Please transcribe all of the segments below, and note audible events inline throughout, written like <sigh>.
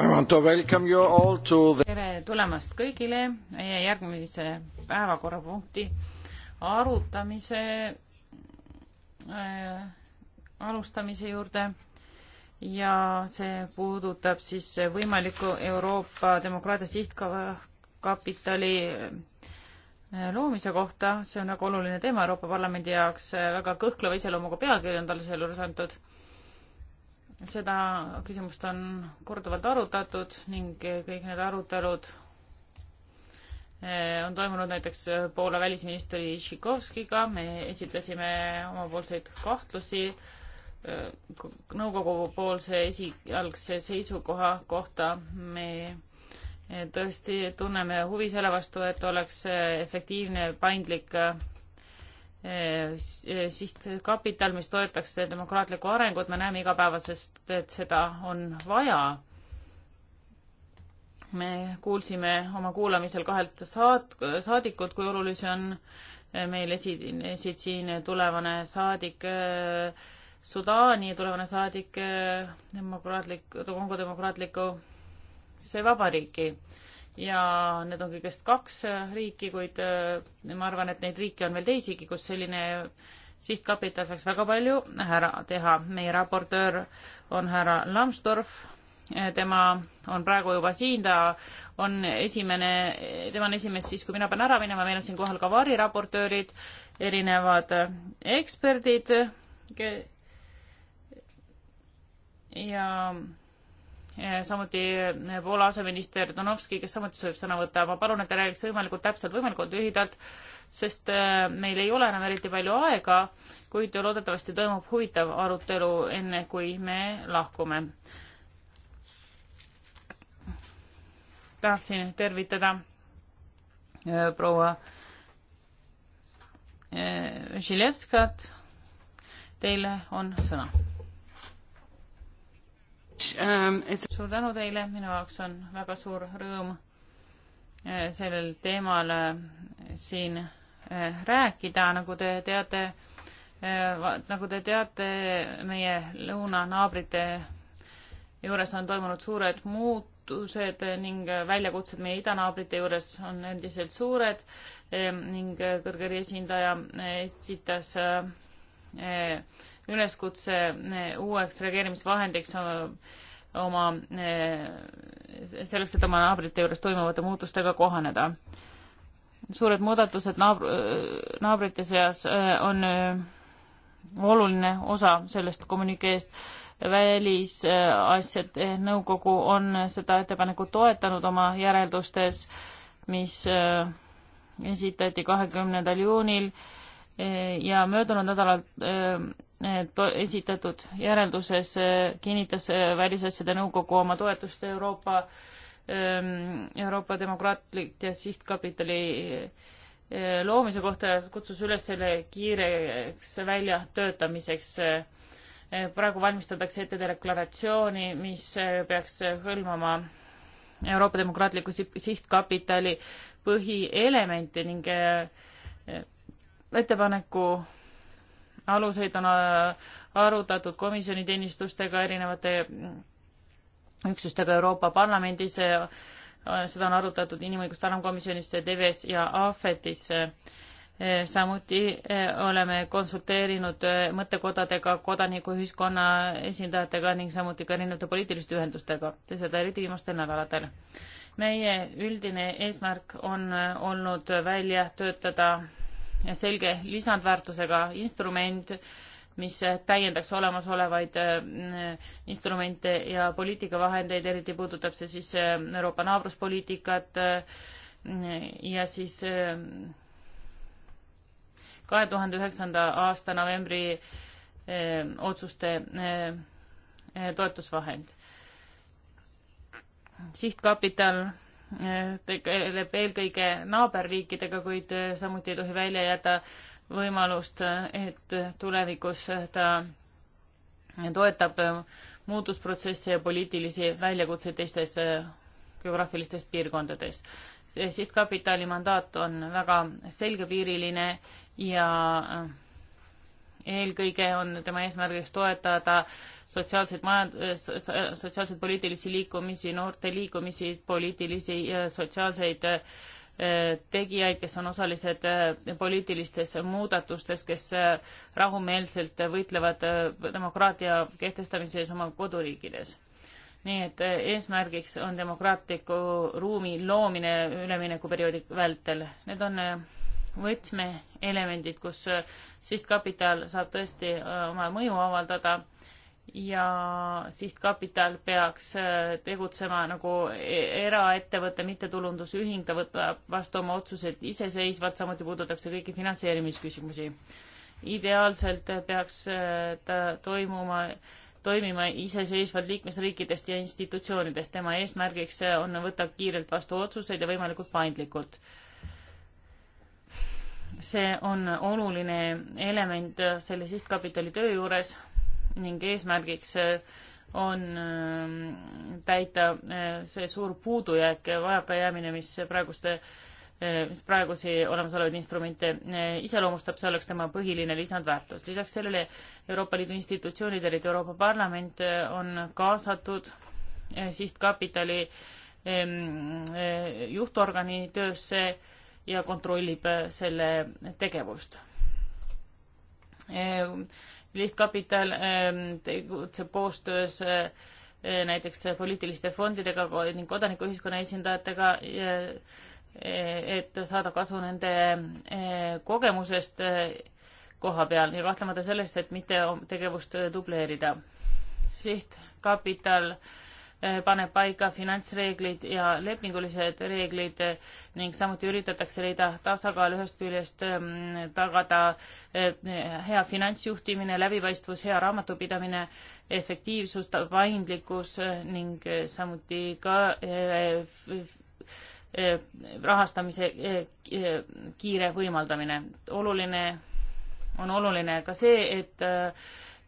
The... tere tulemast kõigile meie järgmise päevakorrapunkti arutamise äh, alustamise juurde ja see puudutab siis võimaliku Euroopa demokraatia sihtkapitali äh, loomise kohta, see on väga oluline teema Euroopa Parlamendi jaoks, väga kõhkleva iseloomuga pealkiri on talle sealjuures antud seda küsimust on korduvalt arutatud ning kõik need arutelud eh, on toimunud näiteks Poola välisministri Šikovskiga, me esitasime omapoolseid kahtlusi eh, nõukogu poolse esialgse seisukoha kohta, me eh, tõesti tunneme huvi selle vastu, et oleks efektiivne, paindlik Eh, eh, sihtkapital, mis toetaks demokraatlikku arengut, me näeme igapäevasest, et seda on vaja. me kuulsime oma kuulamisel kahelt saat-, saadikult, kui olulisi on meil esi-, esid siin tulevane saadik eh, Sudaani, tulevane saadik demokraatlik, Kongo demokraatliku see vabariiki ja need on kõigest kaks äh, riiki, kuid äh, ma arvan, et neid riike on veel teisigi, kus selline sihtkapital saaks väga palju ära teha. meie raportöör on härra Lambsdorff, äh, tema on praegu juba siin, ta on esimene, tema on esimees siis, kui mina pean ära minema, meil on siin kohal ka variraportöörid, erinevad eksperdid ja Eh, samuti eh, Poola aseminister Donovski, kes samuti soovib sõna võtta. ma palun, et te räägiks võimalikult täpselt, võimalikult lühidalt, sest eh, meil ei ole enam eriti palju aega, kuid loodetavasti toimub huvitav arutelu, enne kui me lahkume. tahaksin tervitada proua Žilevskat. Teile on sõna um, it's... suur tänu teile, minu jaoks on väga suur rõõm eh, sellel teemal eh, siin eh, rääkida, nagu te teate, nagu te teate, meie lõunanaabrite juures on toimunud suured muutused ning väljakutsed meie idanaabrite juures on endiselt suured ning kõrge esindaja esitas Eh, üleskutse eh, uueks reageerimisvahendiks eh, oma, selleks, et oma naabrite juures toimuvate muutustega kohaneda. suured muudatused naabr-, naabrite seas on oluline osa sellest kommunikeest. välisasjade nõukogu on seda ettepanekut toetanud oma järeldustes, mis esitati kahekümnendal juunil ja möödunud nädalal eh, eh, esitatud järelduses eh, kinnitas Välisasjade Nõukogu oma toetust Euroopa, ehm, Euroopa demokraatlik ja sihtkapitali loomise kohta ja kutsus üles selle kiireks väljatöötamiseks. praegu valmistatakse ette deklaratsiooni, mis peaks hõlmama Euroopa demokraatliku sihtkapitali põhielemente ning ettepaneku aluseid on äh, arutatud komisjoni teenistustega, erinevate üksustega Euroopa Parlamendis, äh, seda on arutatud Inimõiguste Alamkomisjonis, TVS ja AFETis. Äh, samuti oleme konsulteerinud mõttekodadega, kodanikuühiskonna esindajatega ning samuti ka erinevate poliitiliste ühendustega, seda eriti viimastel nädalatel. meie üldine eesmärk on olnud välja töötada selge lisandväärtusega instrument, mis täiendaks olemasolevaid äh, instrumente ja poliitikavahendeid, eriti puudutab see siis äh, Euroopa naabruspoliitikat äh, ja siis kahe tuhande üheksanda aasta novembri otsuste toetusvahend. sihtkapital tegeleb eelkõige naaberriikidega, kuid eh, samuti ei tohi välja jätta võimalust, eh, et tulevikus eh, ta toetab muutusprotsesse ja poliitilisi väljakutseid teistes geograafilistes piirkondades. see sihtkapitali mandaat on väga selgepiiriline ja eelkõige on tema eesmärgiks toetada äh, sotsiaalseid majand-, eh, eh, sotsiaalseid poliitilisi liikumisi, noorte liikumisi, poliitilisi ja sotsiaalseid eh, tegijaid, kes on osalised poliitilistes muudatustes, kes rahumeelselt võitlevad demokraatia kehtestamises oma koduriikides. nii et eesmärgiks on demokraatliku ruumi loomine üleminekuperioodi vältel. Need on võtmeelemendid, kus sihtkapital saab tõesti oma mõju avaldada ja sihtkapital peaks äh, tegutsema nagu e-, eraettevõte, mittetulundusühing, ta võtab vastu oma otsused iseseisvalt, samuti puudutab see kõiki finantseerimisküsimusi. ideaalselt peaks äh, ta toimuma, toimima iseseisvalt liikmesriikidest ja institutsioonidest, tema eesmärgiks äh, on võtta kiirelt vastu otsuseid ja võimalikult paindlikult see on oluline element selle sihtkapitali töö juures ning eesmärgiks äh, on ähm, täita äh, see suur puudujääk ja vajakajäämine, mis praeguste, äh, mis praegusi olemasolevaid instrumente iseloomustab, see oleks tema põhiline lisandväärtus. lisaks sellele Euroopa Liidu institutsioonid, eriti Euroopa Parlament, on kaasatud sihtkapitali ähm, juhtorgani töösse ja kontrollib selle tegevust lihtkapital ähm, tegutseb koostöös äh, äh, näiteks poliitiliste fondidega ning kodanikuühiskonna esindajatega, äh, et saada kasu nende kogemusest koha peal ja kahtlemata sellest, et mitte tegevust dubleerida. sihtkapital äh, Äh, paneb paika finantsreeglid ja lepingulised reeglid äh, ning samuti üritatakse leida tasakaal ühest küljest ähm, tagada äh, hea finantsjuhtimine, läbipaistvus, hea raamatupidamine, efektiivsus, paindlikkus ning samuti ka rahastamise kiire võimaldamine. oluline, on oluline ka see, et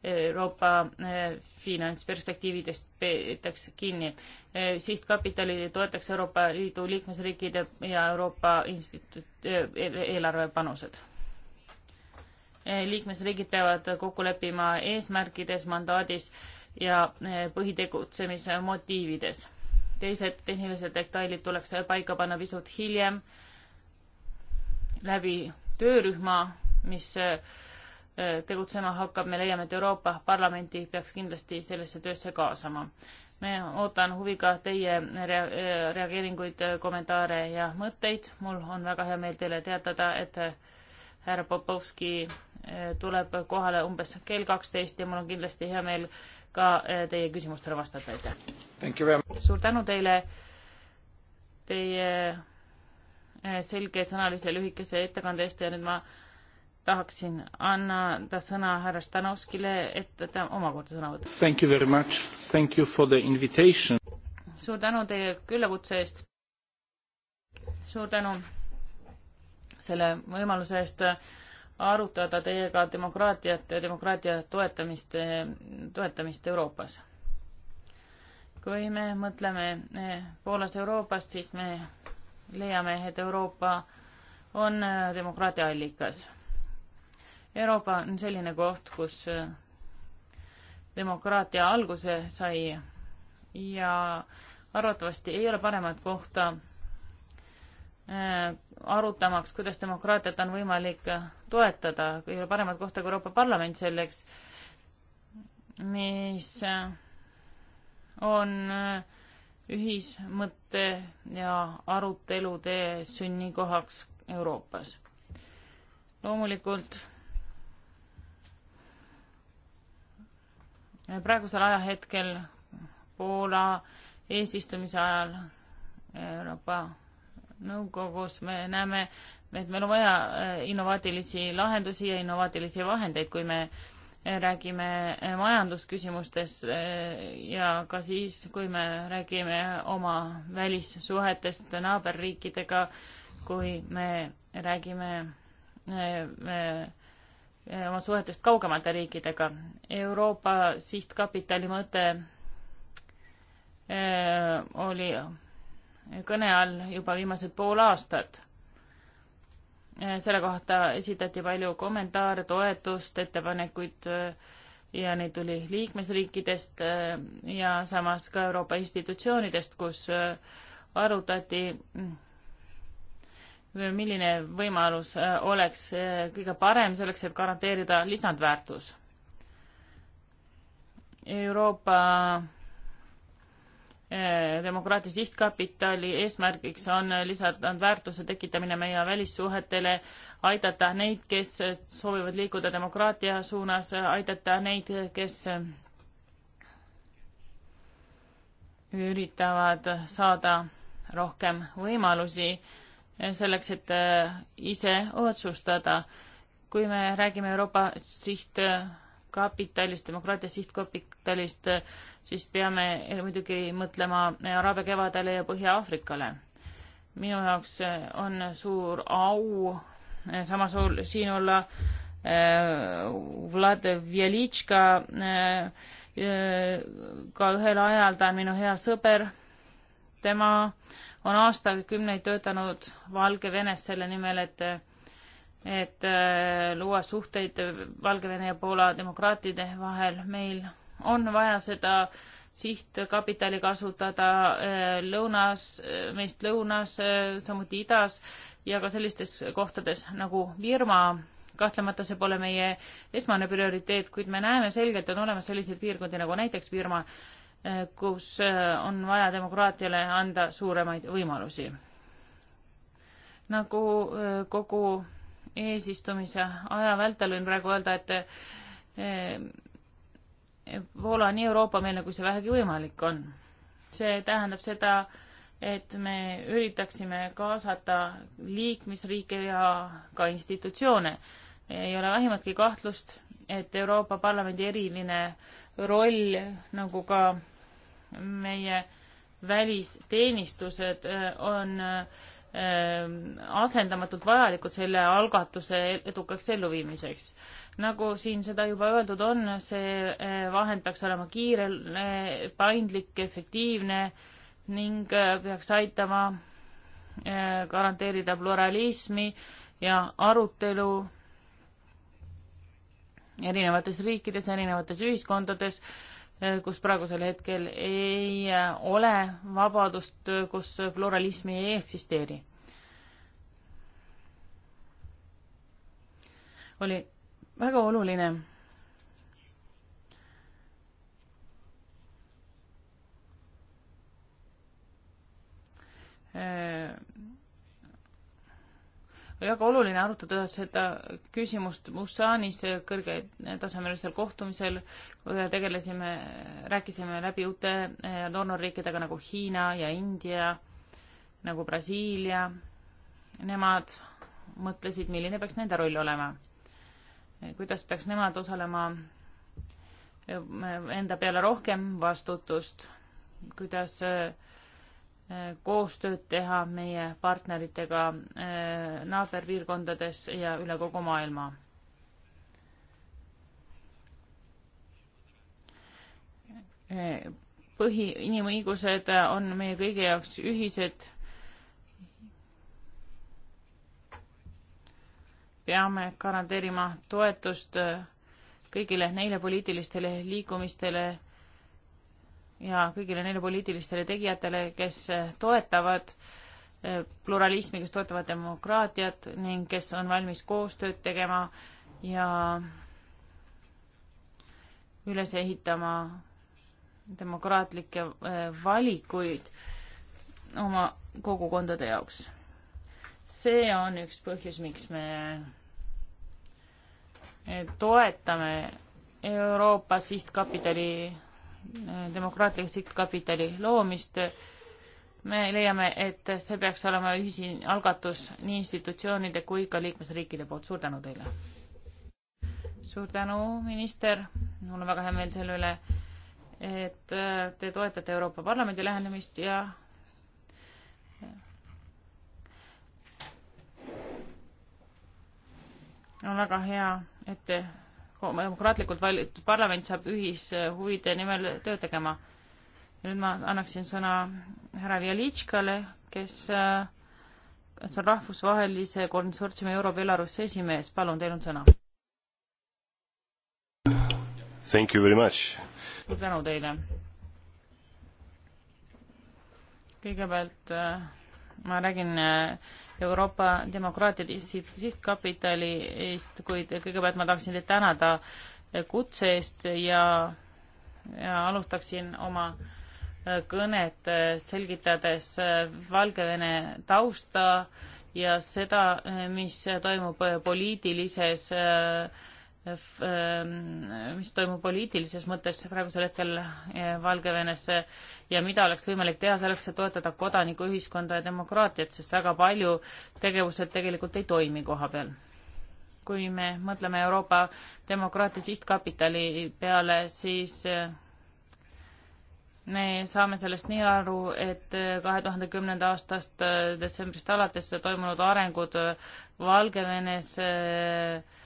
Euroopa eh, finantsperspektiividest peetakse kinni. Eh, sihtkapitali toetaks Euroopa Liidu liikmesriikide ja Euroopa instituut, eh, e-, eelarvepanused. liikmesriigid peavad kokku leppima eesmärkides, mandaadis ja põhitegutsemise motiivides. teised tehnilised detailid tuleks paika panna pisut hiljem läbi töörühma, mis tegutsema hakkab, me leiame, et Euroopa Parlamenti peaks kindlasti sellesse töösse kaasama. me ootan huviga teie rea-, reageeringuid, kommentaare ja mõtteid, mul on väga hea meel teile teatada, et härra Popovski eh, tuleb kohale umbes kell kaksteist ja mul on kindlasti hea meel ka eh, teie küsimustele vastata, aitäh! suur tänu teile, teie eh, selgesõnalise lühikese ettekande eest ja nüüd ma tahaksin anda sõna härra Stanovskile, et ta omakorda sõna võtab. Thank you very much, thank you for the invitation. suur tänu teie küllakutse eest. suur tänu selle võimaluse eest arutada teiega demokraatiat ja demokraatia toetamist, toetamist Euroopas. kui me mõtleme Poolast Euroopast, siis me leiame, et Euroopa on demokraatia allikas Euroopa on selline koht, kus äh, demokraatia alguse sai ja arvatavasti ei ole paremat kohta äh, arutamaks, kuidas demokraatiat on võimalik äh, toetada, ei ole paremat kohta kui Euroopa Parlament selleks, mis on ühismõtte ja arutelude sünnikohaks Euroopas. loomulikult praegusel ajahetkel Poola eesistumise ajal Euroopa Nõukogus me näeme, et meil on vaja eh, innovaatilisi lahendusi ja innovaatilisi vahendeid, kui me eh, räägime eh, majandusküsimustes ja ka siis, kui me räägime oma välissuhetest naaberriikidega, kui me räägime me Eh, oma suhetest kaugemate riikidega. Euroopa sihtkapitali mõte eh, oli kõne all juba viimased pool aastat. Eh, selle kohta esitati palju kommentaare, toetust, ettepanekuid ja neid tuli liikmesriikidest ja samas ka Euroopa institutsioonidest, kus arutati mm, milline võimalus äh, oleks äh, kõige parem selleks, et garanteerida lisandväärtus. Euroopa äh, demokraatia sihtkapitali eesmärgiks on lisandväärtuse tekitamine meie välissuhetele, aidata neid, kes soovivad liikuda demokraatia suunas, aidata neid, kes üritavad saada rohkem võimalusi äh, selleks, et äh, ise otsustada. kui me räägime Euroopa sihtkapitalist, demokraatia sihtkapitalist, siis peame muidugi mõtlema Araabia kevadele ja Põhja-Aafrikale. minu jaoks äh, on suur au äh, samas siin olla Vlad Vjelitška ka ühel ajal, ta on minu hea sõber, tema äh, on aastakümneid töötanud Valgevenes selle nimel, et et äh, luua suhteid Valgevene ja Poola demokraatide vahel. meil on vaja seda sihtkapitali kasutada äh, lõunas, äh, meist lõunas, samuti idas ja ka sellistes kohtades nagu Birma. kahtlemata see pole meie esmane prioriteet, kuid me näeme selgelt, on olemas selliseid piirkondi nagu näiteks Birma, Eh, kus eh, on vaja demokraatiale anda suuremaid võimalusi. nagu eh, kogu eesistumise aja vältel võin praegu öelda, et Poola on nii Euroopa-meelne, kui see vähegi võimalik on. see tähendab seda, et me üritaksime kaasata liikmesriike ja ka institutsioone. ei ole vähimatki kahtlust, et Euroopa Parlamendi eriline roll, nagu ka meie välisteenistused äh, on äh, asendamatult vajalikud selle algatuse edukaks elluviimiseks. nagu siin seda juba öeldud on, see äh, vahend peaks olema kiire, paindlik, efektiivne ning peaks aitama garanteerida pluralismi ja arutelu erinevates riikides, erinevates ühiskondades Äh, kus praegusel hetkel ei äh, ole vabadust, äh, kus pluralismi ei eksisteeri. oli väga oluline väga oluline arutada seda küsimust Musanis kõrgetasemelisel kohtumisel, tegelesime, rääkisime läbi uute eh, doonorriikidega nagu Hiina ja India, nagu Brasiilia. Nemad mõtlesid, milline peaks nende roll olema. kuidas peaks nemad osalema eh, enda peale rohkem vastutust, kuidas äh, koostööd teha meie partneritega eh, naaberpiirkondades ja üle kogu maailma. põhi, inimõigused on meie kõigi jaoks ühised. peame garanteerima toetust kõigile neile poliitilistele liikumistele ja kõigile neile poliitilistele tegijatele, kes toetavad eh, pluralismi, kes toetavad demokraatiat ning kes on valmis koostööd tegema ja üles ehitama demokraatlikke eh, valikuid oma kogukondade jaoks. see on üks põhjus, miks me eh, toetame Euroopa Sihtkapitali demokraatliku sihtkapitali loomist. me leiame, et see peaks olema ühisine algatus nii institutsioonide kui ka liikmesriikide poolt. suur tänu teile! suur tänu, minister, mul on väga hea meel selle üle, et äh, te toetate Euroopa Parlamendi lähenemist ja äh, on väga hea, et te demokraatlikult valitud parlament saab ühishuvide nimel tööd tegema. nüüd ma annaksin sõna härra Vjalitškale, kes, äh, kes on rahvusvahelise konsortsiumi Euro-Belarusi esimees, palun, teil on sõna. Thank you very much. suur tänu teile. kõigepealt äh, ma räägin äh, Euroopa Demokraatide Sihtkapitali eest, kuid kõigepealt ma tahaksin teid tänada äh, kutse eest ja, ja alustaksin oma äh, kõnet selgitades Valgevene tausta ja seda, mis toimub poliitilises äh, Ähm, mis toimub poliitilises mõttes praegusel hetkel äh, Valgevenes äh, ja mida oleks võimalik teha selleks, et toetada kodanikuühiskonda ja demokraatiat, sest väga palju tegevused tegelikult ei toimi koha peal. kui me mõtleme Euroopa demokraatia sihtkapitali peale, siis äh, me saame sellest nii aru, et kahe tuhande kümnenda aastast detsembrist alates toimunud arengud Valgevenes äh,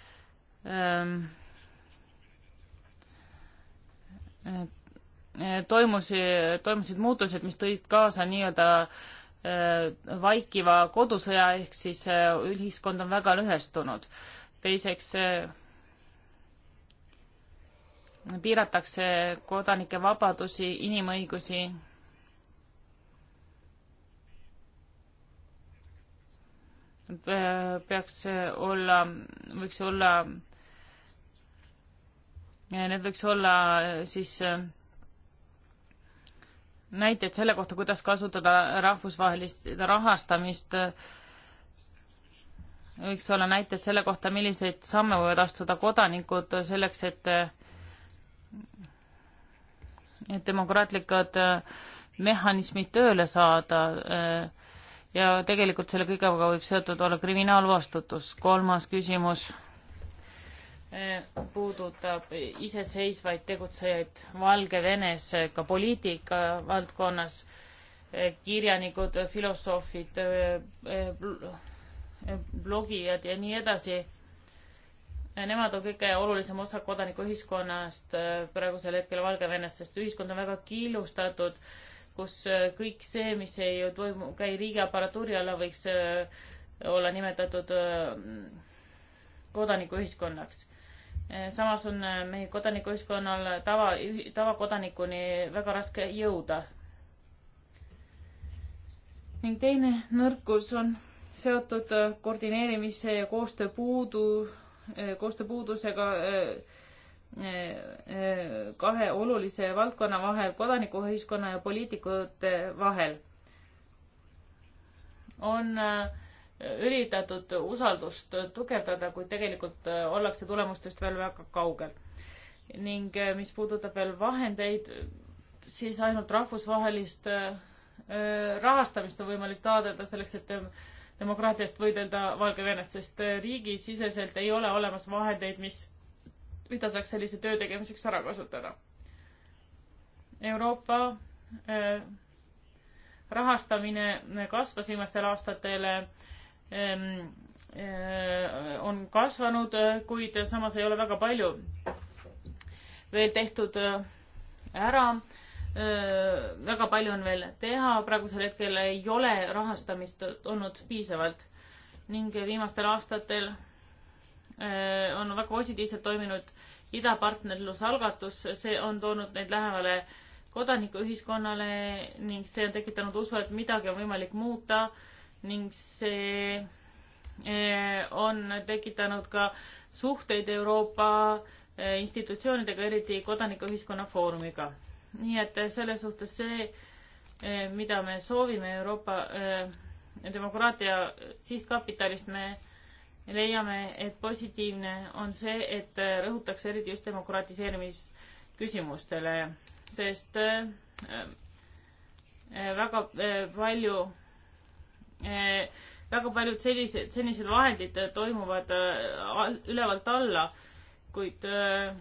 Ehm, toimus, toimusid muutused, mis tõid kaasa nii-öelda ehm, vaikiva kodusõja ehk siis ehm, ühiskond on väga lõhestunud. teiseks piiratakse kodanike vabadusi, inimõigusi. peaks olla, võiks olla Need võiks olla äh, siis äh, näiteid selle kohta, kuidas kasutada rahvusvahelist rahastamist. võiks olla näiteid selle kohta, milliseid samme võivad astuda kodanikud selleks, et äh, et demokraatlikud mehhanismid tööle saada ja tegelikult selle kõigega võib seotud olla kriminaalvastutus. kolmas küsimus puudutab iseseisvaid tegutsejaid Valgevenes ka poliitika valdkonnas, kirjanikud, filosoofid, blogijad ja nii edasi. Nemad on kõige olulisem osa kodanikuühiskonnast praegusel hetkel Valgevenes, sest ühiskond on väga killustatud, kus kõik see, mis ei toimu, käi riigiaparatuuri alla, võiks olla nimetatud kodanikuühiskonnaks Eh, samas on eh, meie kodanikuühiskonnal tava, tavakodanikuni väga raske jõuda. ning teine nõrkus on seotud eh, koordineerimise ja koostöö puudu, koostöö puudusega kahe olulise valdkonna vahel, kodanikuühiskonna ja poliitikute vahel. on äh, üritatud usaldust tugevdada, kuid tegelikult äh, ollakse tulemustest veel väga kaugel. ning äh, mis puudutab veel vahendeid, siis ainult rahvusvahelist äh, rahastamist on võimalik taotleda selleks, et demokraatiast võidelda Valgevenes, sest riigisiseselt ei ole olemas vahendeid, mis, mida saaks sellise töö tegemiseks ära kasutada. Euroopa rahastamine kasvas viimastel aastatel Eh, on kasvanud, kuid samas ei ole väga palju veel tehtud eh, ära. Eh, väga palju on veel teha, praegusel hetkel ei ole rahastamist olnud piisavalt ning viimastel aastatel on väga positiivselt toiminud idapartnerluse algatus, see on toonud neid lähemale kodanikuühiskonnale ning see on tekitanud usu, et midagi on võimalik muuta ning see eh, on tekitanud ka suhteid Euroopa eh, institutsioonidega, eriti Kodanikuühiskonna Foorumiga. nii et selles suhtes see, eh, mida me soovime Euroopa demokraatia sihtkapitalist, me leiame, et positiivne on see, et rõhutakse eriti just demokratiseerimisküsimustele, sest väga palju väga paljud sellised, senised vahendid äh, toimuvad äh, ülevalt alla, kuid äh,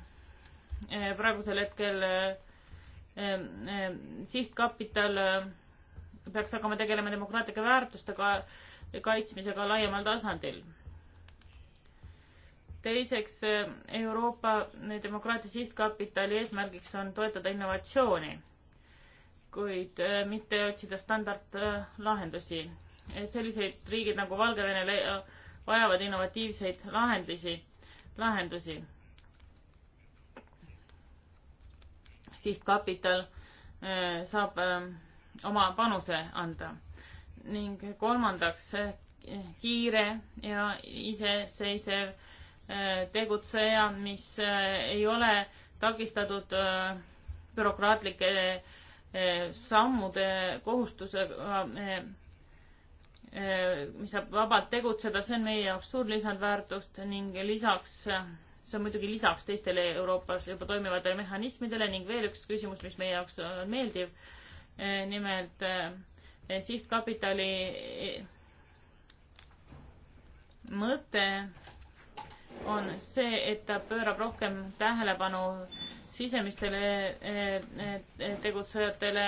praegusel hetkel sihtkapital peaks hakkama tegelema demokraatlike väärtustega kaitsmisega laiemal tasandil. teiseks, Euroopa Demokraatia Sihtkapitali eesmärgiks on toetada innovatsiooni, kuid mitte otsida standardlahendusi sellised riigid nagu Valgevene vajavad innovatiivseid lahendusi, lahendusi. sihtkapital äh, saab äh, oma panuse anda ning kolmandaks äh, kiire ja iseseisev tegutseja, mis ei ole takistatud bürokraatlike sammude kohustusega Eh, mis saab vabalt tegutseda, see on meie jaoks suur lisandväärtust ning lisaks, see on muidugi lisaks teistele Euroopas juba toimivatele mehhanismidele ning veel üks küsimus, mis meie jaoks on meeldiv, eh, nimelt eh, sihtkapitali mõte on see, et ta pöörab rohkem tähelepanu sisemistele tegutsejatele,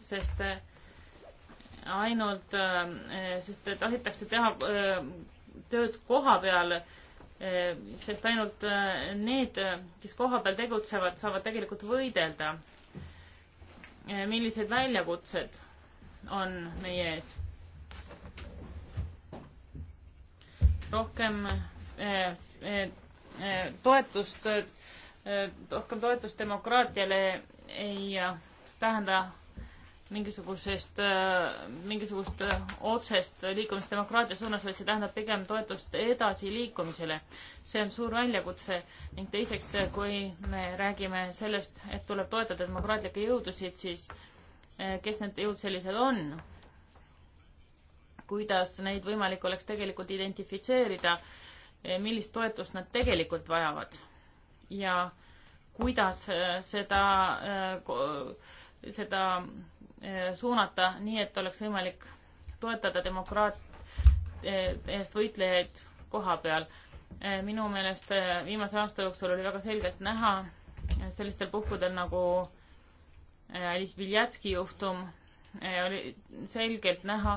sest ainult, äh, sest tahetakse teha äh, tööd koha peal, äh, sest ainult need, kes koha peal tegutsevad, saavad tegelikult võidelda. millised väljakutsed on meie ees? rohkem toetust, rohkem toetust demokraatiale ei tähenda mingisugusest, äh, mingisugust äh, otsest liikumist demokraatia suunas, vaid see tähendab pigem toetust edasiliikumisele. see on suur väljakutse ning teiseks, äh, kui me räägime sellest, et tuleb toetada demokraatlikke jõudusid, siis kes need jõud sellised on? kuidas neid võimalik oleks tegelikult identifitseerida, millist toetust nad tegelikult vajavad ja kuidas seda, seda Eh, suunata nii, et oleks võimalik toetada demokraat- eh, eest võitlejaid koha peal. Eh, minu meelest viimase aasta jooksul oli väga selgelt näha sellistel puhkudel nagu Alice Viljatski juhtum, oli selgelt näha,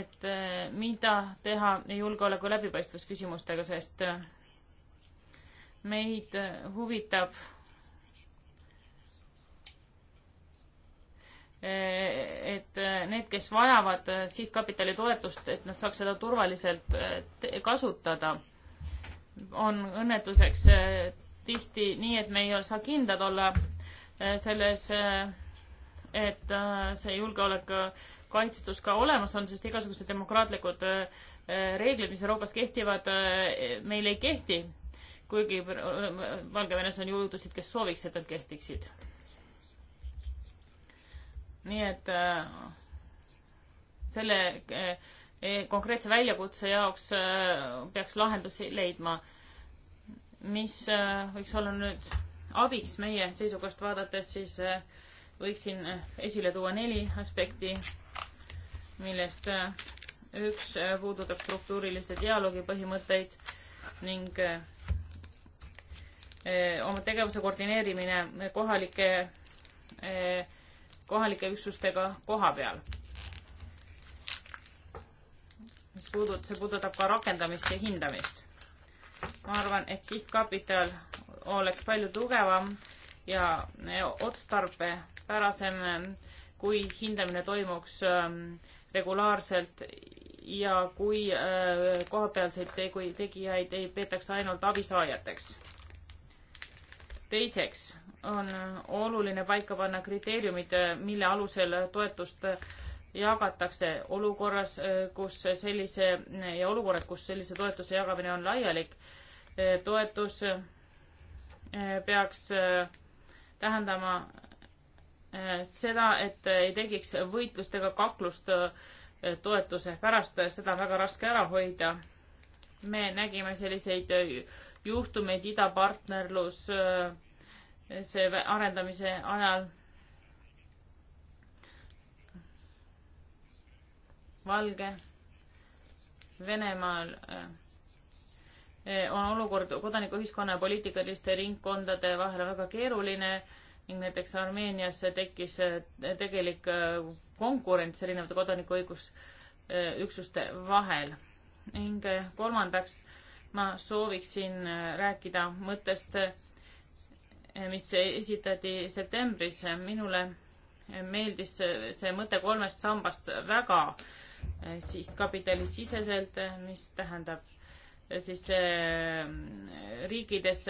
et mida teha julgeoleku läbipaistvusküsimustega, sest meid huvitab need, kes vajavad äh, sihtkapitali toetust, et nad saaks seda turvaliselt äh, kasutada, on õnnetuseks äh, tihti nii, et me ei saa kindlad olla selles, et see julgeolek kaitstus ka olemas on, sest igasugused demokraatlikud reeglid, mis Euroopas kehtivad, meil ei kehti. kuigi Valgevenes on jõudusid, kes sooviks, et nad kehtiksid. nii et selle eh, eh, konkreetse väljakutse jaoks eh, peaks lahendusi leidma. mis võiks olla nüüd abiks meie seisukohast vaadates, siis võiksin esile tuua neli aspekti, millest üks puudutab struktuurilise dialoogi põhimõtteid ning oma tegevuse koordineerimine kohalike, kohalike üksustega koha peal mis puudut-, see puudutab ka rakendamist ja hindamist. ma arvan, et sihtkapital oleks palju tugevam ja otstarbepärasem, kui hindamine toimuks ähm, regulaarselt ja kui äh, kohapealseid tegu-, tegijaid ei peetaks ainult abisaajateks. teiseks on oluline paika panna kriteeriumid, äh, mille alusel toetust jagatakse olukorras, äh, kus sellise ja olukorrad, kus sellise toetuse jagamine on laialik, äh, toetus äh, peaks tähendama seda, et ei tekiks võitlust ega kaklust toetuse pärast, seda on väga raske ära hoida. me nägime selliseid juhtumeid idapartnerlus see arendamise ajal Valge, Venemaal äh, äh, on olukord kodanikuühiskonna ja poliitikaliste ringkondade vahel väga keeruline ning näiteks Armeenias tekkis äh, tegelik konkurents erinevate kodanikuõigusüksuste vahel. ning kolmandaks ma sooviksin rääkida mõttest, mis esitati septembris. minule meeldis see mõte kolmest sambast väga Eh, sihtkapitalisiseselt, eh, mis tähendab eh, siis riikides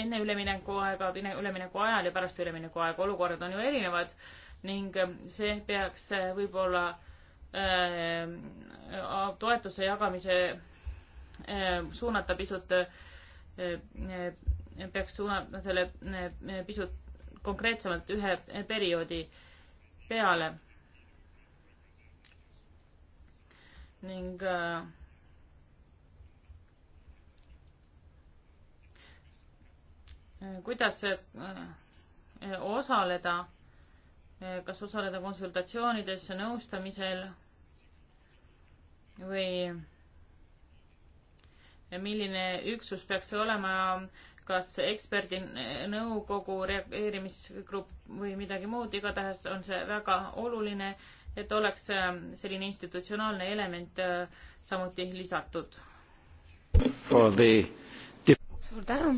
enne ülemineku aega, ülemineku ajal ja pärast ülemineku aega olukorrad on ju erinevad ning see peaks võib-olla toetuse jagamise suunata pisut, peaks suunata selle pisut konkreetsemalt ühe perioodi peale ning äh, kuidas äh, osaleda, äh, kas osaleda konsultatsioonides, nõustamisel või milline üksus peaks see olema, kas eksperdi nõukogu reageerimisgrupp või midagi muud, igatahes on see väga oluline et oleks äh, selline institutsionaalne element äh, samuti lisatud. The... suur tänu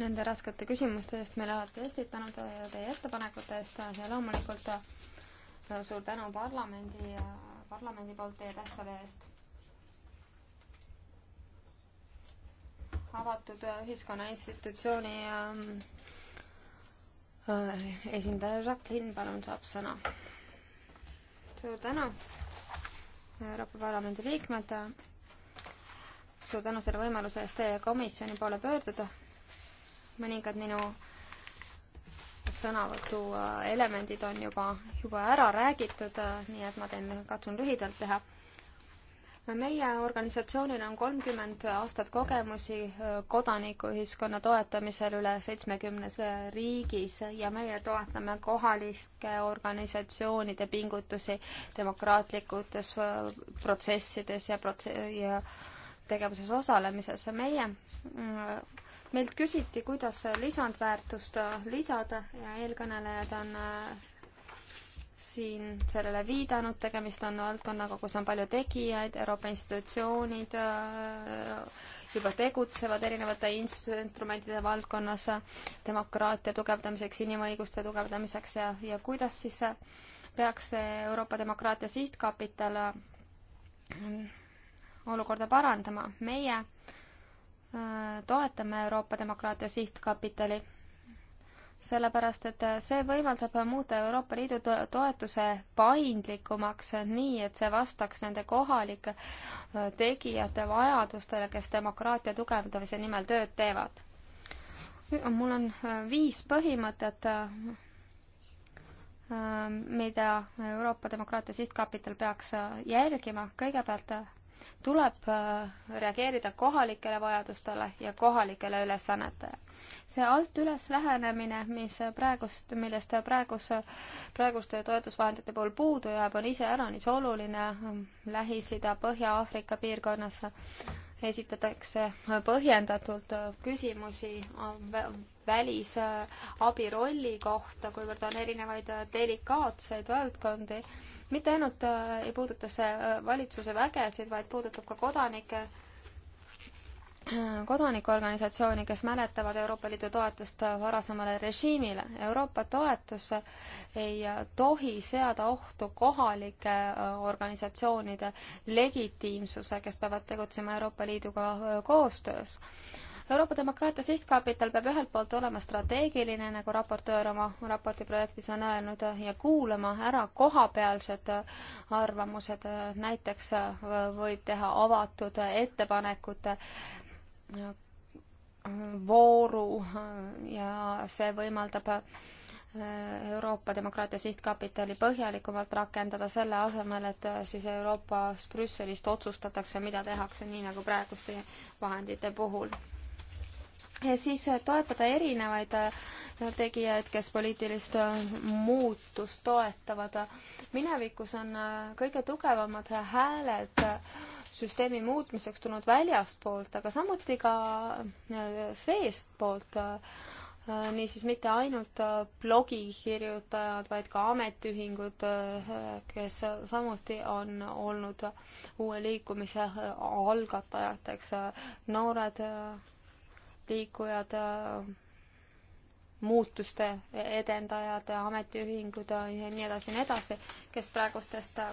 nende raskete küsimuste eest meile olete esitanud ja teie ettepanekute eest ja loomulikult äh, suur tänu parlamendi ja parlamendi poolt teie tähtsale eest. avatud ühiskonna institutsiooni ja, ähm, äh, esindaja Jacqueline, palun, saab sõna suur tänu, Euroopa Parlamendi liikmed. suur tänu selle võimaluse eest teie komisjoni poole pöörduda. mõningad minu sõnavõtu äh, elemendid on juba, juba ära räägitud, äh, nii et ma teen, katsun lühidalt teha meie organisatsioonil on kolmkümmend aastat kogemusi äh, kodanikuühiskonna toetamisel üle seitsmekümnes äh, riigis ja meie toetame kohalike organisatsioonide pingutusi demokraatlikutes äh, protsessides ja prots-, ja tegevuses osalemises. meie, meilt küsiti, kuidas lisandväärtust lisada ja eelkõnelejad on siin sellele viidanud, tegemist on valdkonnaga, kus on palju tegijaid, Euroopa institutsioonid äh, juba tegutsevad erinevate instrumentide valdkonnas demokraatia tugevdamiseks, inimõiguste tugevdamiseks ja, ja kuidas siis peaks see Euroopa Demokraatia Sihtkapital äh, olukorda parandama. meie äh, toetame Euroopa Demokraatia Sihtkapitali sellepärast et see võimaldab muuta Euroopa Liidu toetuse paindlikumaks, nii et see vastaks nende kohalike äh, tegijate vajadustele, kes demokraatia tugevdamise nimel tööd teevad. mul on äh, viis põhimõtet, äh, mida Euroopa Demokraatia Sihtkapital peaks jälgima, kõigepealt tuleb äh, reageerida kohalikele vajadustele ja kohalikele ülesannetele. see alt üles lähenemine, mis praegust, millest praeguse, praeguste toetusvahendite puhul puudu jääb, on iseäranis oluline ähm, Lähis-Ida, Põhja-Aafrika piirkonnas esitatakse põhjendatult äh, küsimusi äh, välisabi rolli kohta, kuivõrd on erinevaid delikaatseid valdkondi mitte ainult äh, ei puuduta see äh, valitsuse vägesid, vaid puudutab ka kodanikke, äh, kodanikuorganisatsiooni, kes mäletavad Euroopa Liidu toetust varasemale režiimile. Euroopa toetus ei tohi seada ohtu kohalike organisatsioonide legitiimsuse, kes peavad tegutsema Euroopa Liiduga koostöös. Euroopa Demokraatia Sihtkapital peab ühelt poolt olema strateegiline, nagu raportöör oma raporti projektis on öelnud, ja kuulama ära kohapealsed arvamused, näiteks võib teha avatud ettepanekute vooru ja see võimaldab Euroopa Demokraatia Sihtkapitali põhjalikumalt rakendada, selle asemel, et siis Euroopas, Brüsselist otsustatakse, mida tehakse, nii nagu praeguste vahendite puhul ja siis äh, toetada erinevaid äh, tegijaid, kes poliitilist äh, muutust toetavad. minevikus on kõige tugevamad hääled süsteemi muutmiseks tulnud väljastpoolt, aga samuti ka seestpoolt. niisiis mitte ainult blogikirjutajad, vaid ka ametiühingud, kes samuti on olnud uue liikumise algatajateks. noored liikujad, muutuste edendajad, ametiühingud ja nii edasi ja nii edasi, kes praegustest äh,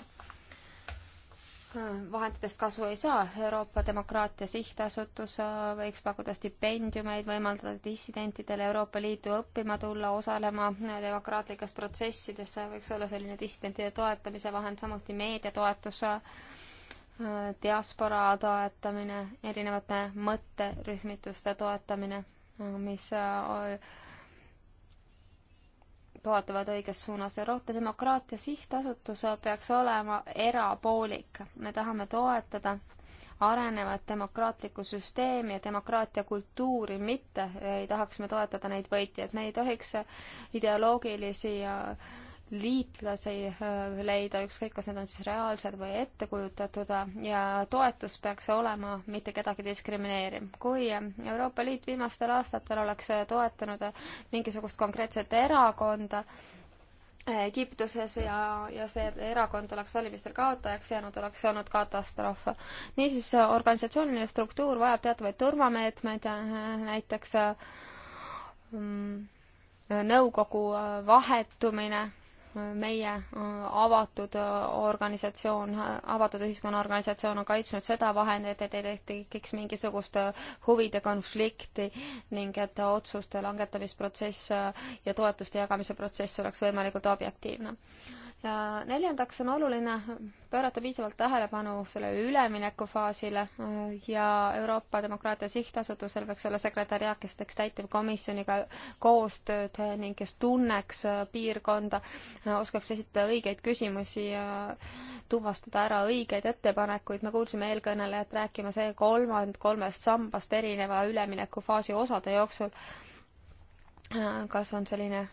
vahenditest kasu ei saa. Euroopa Demokraatia Sihtasutus äh, võiks pakkuda stipendiumeid, võimaldada dissidentidele Euroopa Liitu õppima tulla, osalema demokraatlikes protsessides, võiks olla selline dissidentide toetamise vahend, samuti meediatoetus äh, diasporaa toetamine, erinevate mõtterühmituste toetamine, mis äh, toetavad õiges suunas. Euroopa Demokraatia Sihtasutus peaks olema erapoolik. me tahame toetada arenevat demokraatlikku süsteemi ja demokraatia kultuuri, mitte ei tahaks me toetada neid võitjaid. me ei tohiks ideoloogilisi ja äh, liitlasi äh, leida, ükskõik, kas need on siis reaalsed või ettekujutatud ja toetus peaks olema mitte kedagi diskrimineeriv. kui Euroopa Liit viimastel aastatel oleks toetanud mingisugust konkreetset erakonda, äh, Egiptuses ja, ja see erakond oleks valimistel kaotajaks jäänud, oleks see olnud katastroof. niisiis, organisatsiooniline struktuur vajab teatavaid turvameetmeid, äh, näiteks mm, nõukogu vahetumine meie äh, avatud äh, organisatsioon, äh, avatud ühiskonna organisatsioon on kaitsnud seda vahendit, et ei tekiks mingisugust huvide konflikti ning et otsuste langetamisprotsess ja toetuste jagamise protsess oleks võimalikult objektiivne ja neljandaks on oluline pöörata piisavalt tähelepanu sellele üleminekufaasile ja Euroopa Demokraatia Sihtasutusel võiks olla sekretäriaat, kes teeks täitevkomisjoniga koostööd ning kes tunneks piirkonda, oskaks esitada õigeid küsimusi ja tuvastada ära õigeid ettepanekuid. me kuulsime eelkõnelejat rääkima see kolmand, kolmest sambast erineva üleminekufaasi osade jooksul kas on selline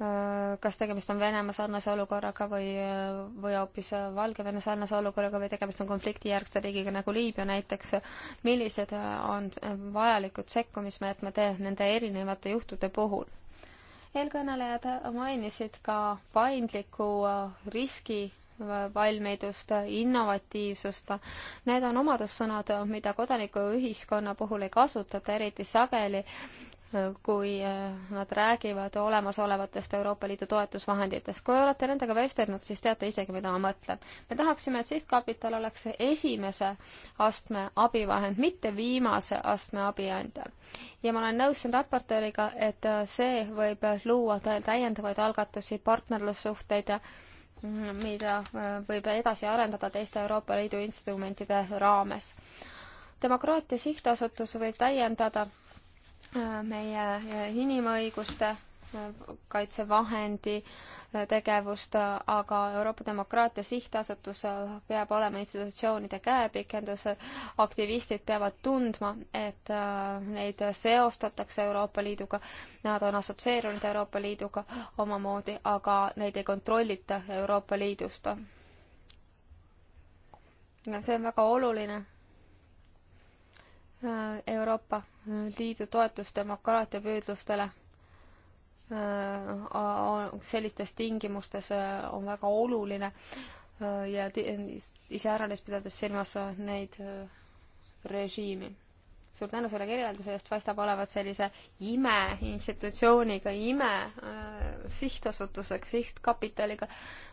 Äh, kas tegemist on Venemaa sarnase olukorraga või, äh, või hoopis äh, Valgevene sarnase olukorraga või tegemist on konfliktijärgse riigiga nagu Liibüa näiteks, millised on vajalikud sekkumismeetmed nende erinevate juhtude puhul? eelkõnelejad mainisid ka paindlikku riski valmidust, innovatiivsust. Need on omadussõnad, mida kodanikuühiskonna puhul ei kasutata eriti sageli kui äh, nad räägivad olemasolevatest Euroopa Liidu toetusvahenditest. kui olete nendega vestelnud, siis teate isegi, mida ma mõtlen. me tahaksime, et sihtkapital oleks esimese astme abivahend, mitte viimase astme abiandja. ja ma olen nõus siin raportööriga, et äh, see võib luua täiendavaid algatusi, partnerlussuhteid ja mida äh, võib edasi arendada teiste Euroopa Liidu instrumentide raames. demokraatia sihtasutus võib täiendada Äh, meie äh, inimõiguste äh, kaitsevahendi tegevust, aga Euroopa Demokraatia Sihtasutus peab olema institutsioonide käepikendus, aktivistid peavad tundma, et neid seostatakse Euroopa Liiduga, nad on assotsieerunud Euroopa Liiduga omamoodi, aga neid ei kontrollita Euroopa Liidust. see on väga oluline Äh, Euroopa Liidu äh, toetus demokraatia püüdlustele äh, sellistes tingimustes on väga oluline ja iseäranis pidades silmas neid režiimi. suur tänu selle kirjelduse eest, paistab olevat sellise imeinstitutsiooniga, ime sihtasutusega, sihtkapitaliga,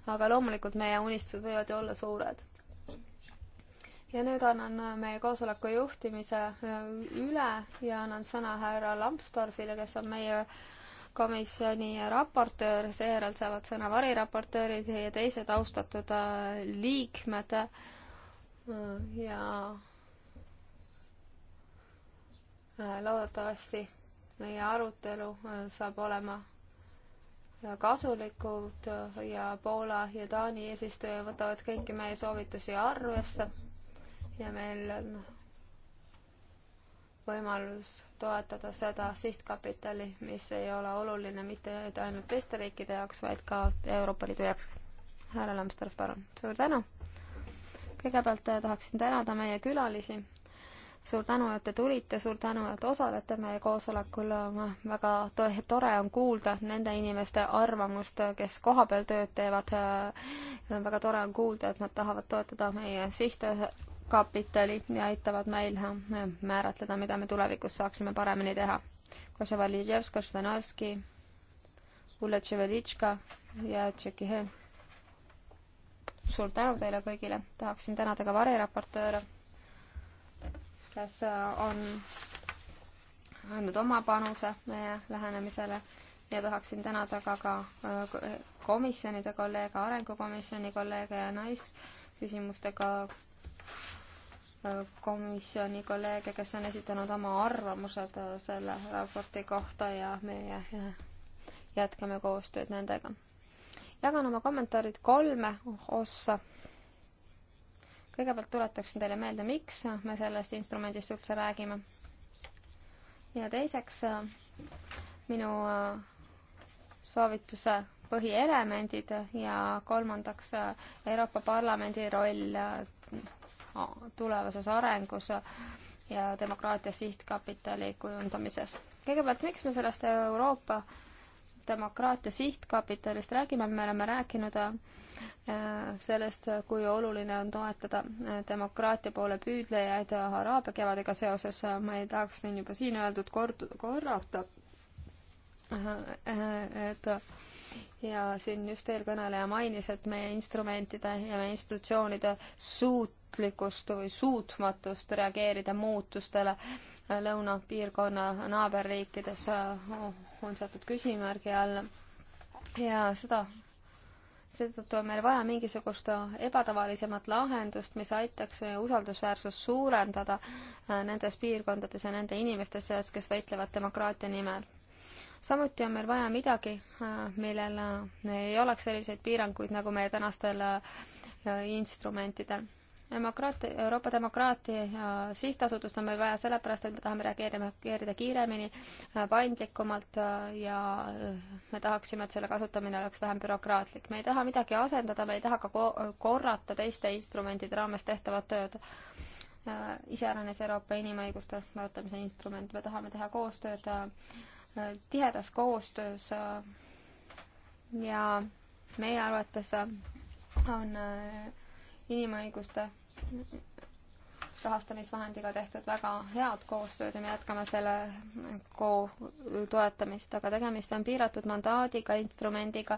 aga loomulikult meie unistused võivad ju olla suured ja nüüd annan äh, meie koosoleku juhtimise äh, üle ja annan sõna härra Lambsdorffile, kes on meie komisjoni raportöör, seejärel saavad sõna variraportöörid ja teised austatud äh, liikmed ja loodetavasti meie arutelu saab olema kasulikud ja Poola ja Taani eesistuja võtavad kõiki meie soovitusi arvesse ja meil on võimalus toetada seda sihtkapitali, mis ei ole oluline mitte ainult teiste riikide jaoks, vaid ka Euroopa Liidu jaoks. härra Lambsdorff, palun. suur tänu. kõigepealt äh, tahaksin tänada meie külalisi. suur tänu, et te tulite, suur tänu, et osalete meie koosolekul. väga tore on kuulda nende inimeste arvamust, kes kohapeal tööd teevad. Äh, väga tore on kuulda, et nad tahavad toetada meie sihte kapitali ja aitavad meil eh, määratleda, mida me tulevikus saaksime paremini teha. Kosova Lidževska, Štanovski, Ulle Tševelitška ja Tšekihe. suur tänu teile kõigile, tahaksin tänada ka variraportööre, kes eh, on andnud oma panuse meie lähenemisele ja tahaksin tänada ka ka eh, komisjonide kolleege, arengukomisjoni kolleege ja naisküsimustega komisjoni kolleege, kes on esitanud oma arvamused selle raporti kohta ja meie jätkame koostööd nendega. jagan oma kommentaarid kolme ossa. kõigepealt tuletaksin teile meelde, miks me sellest instrumendist üldse räägime. ja teiseks minu soovituse põhielemendid ja kolmandaks Euroopa Parlamendi roll tulevases arengus ja demokraatia sihtkapitali kujundamises. kõigepealt, miks me sellest Euroopa demokraatia sihtkapitalist räägime, me oleme rääkinud äh, sellest, kui oluline on toetada äh, demokraatia poole püüdlejaid Araabia kevadega seoses, ma ei tahaks siin juba siin öeldud kord-, korrata, äh, et ja siin just eelkõneleja mainis, et meie instrumentide ja meie institutsioonide suut-, suutlikkust või suutmatust reageerida muutustele lõunapiirkonna naaberriikides äh, on seatud küsimärgi alla. ja seda, seetõttu on meil vaja mingisugust ebatavalisemat lahendust, mis aitaks usaldusväärsust suurendada äh, nendes piirkondades ja nende inimeste seas, kes võitlevad demokraatia nimel samuti on meil vaja midagi, äh, millel ei oleks selliseid piiranguid, nagu meie tänastel instrumentidel demokraatia, Euroopa demokraatia sihtasutust on meil vaja sellepärast, et me tahame reageerima, reageerida kiiremini, paindlikumalt ja me tahaksime, et selle kasutamine oleks vähem bürokraatlik. me ei taha midagi asendada, me ei taha ka ko korrata teiste instrumentide raames tehtavat tööd. iseäranis Euroopa inimõiguste toetamise instrument, me tahame teha koostööd tihedas koostöös ja meie arvates on äh, inimõiguste rahastamisvahendiga tehtud väga head koostööd ja me jätkame selle koo toetamist, aga tegemist on piiratud mandaadiga, instrumendiga,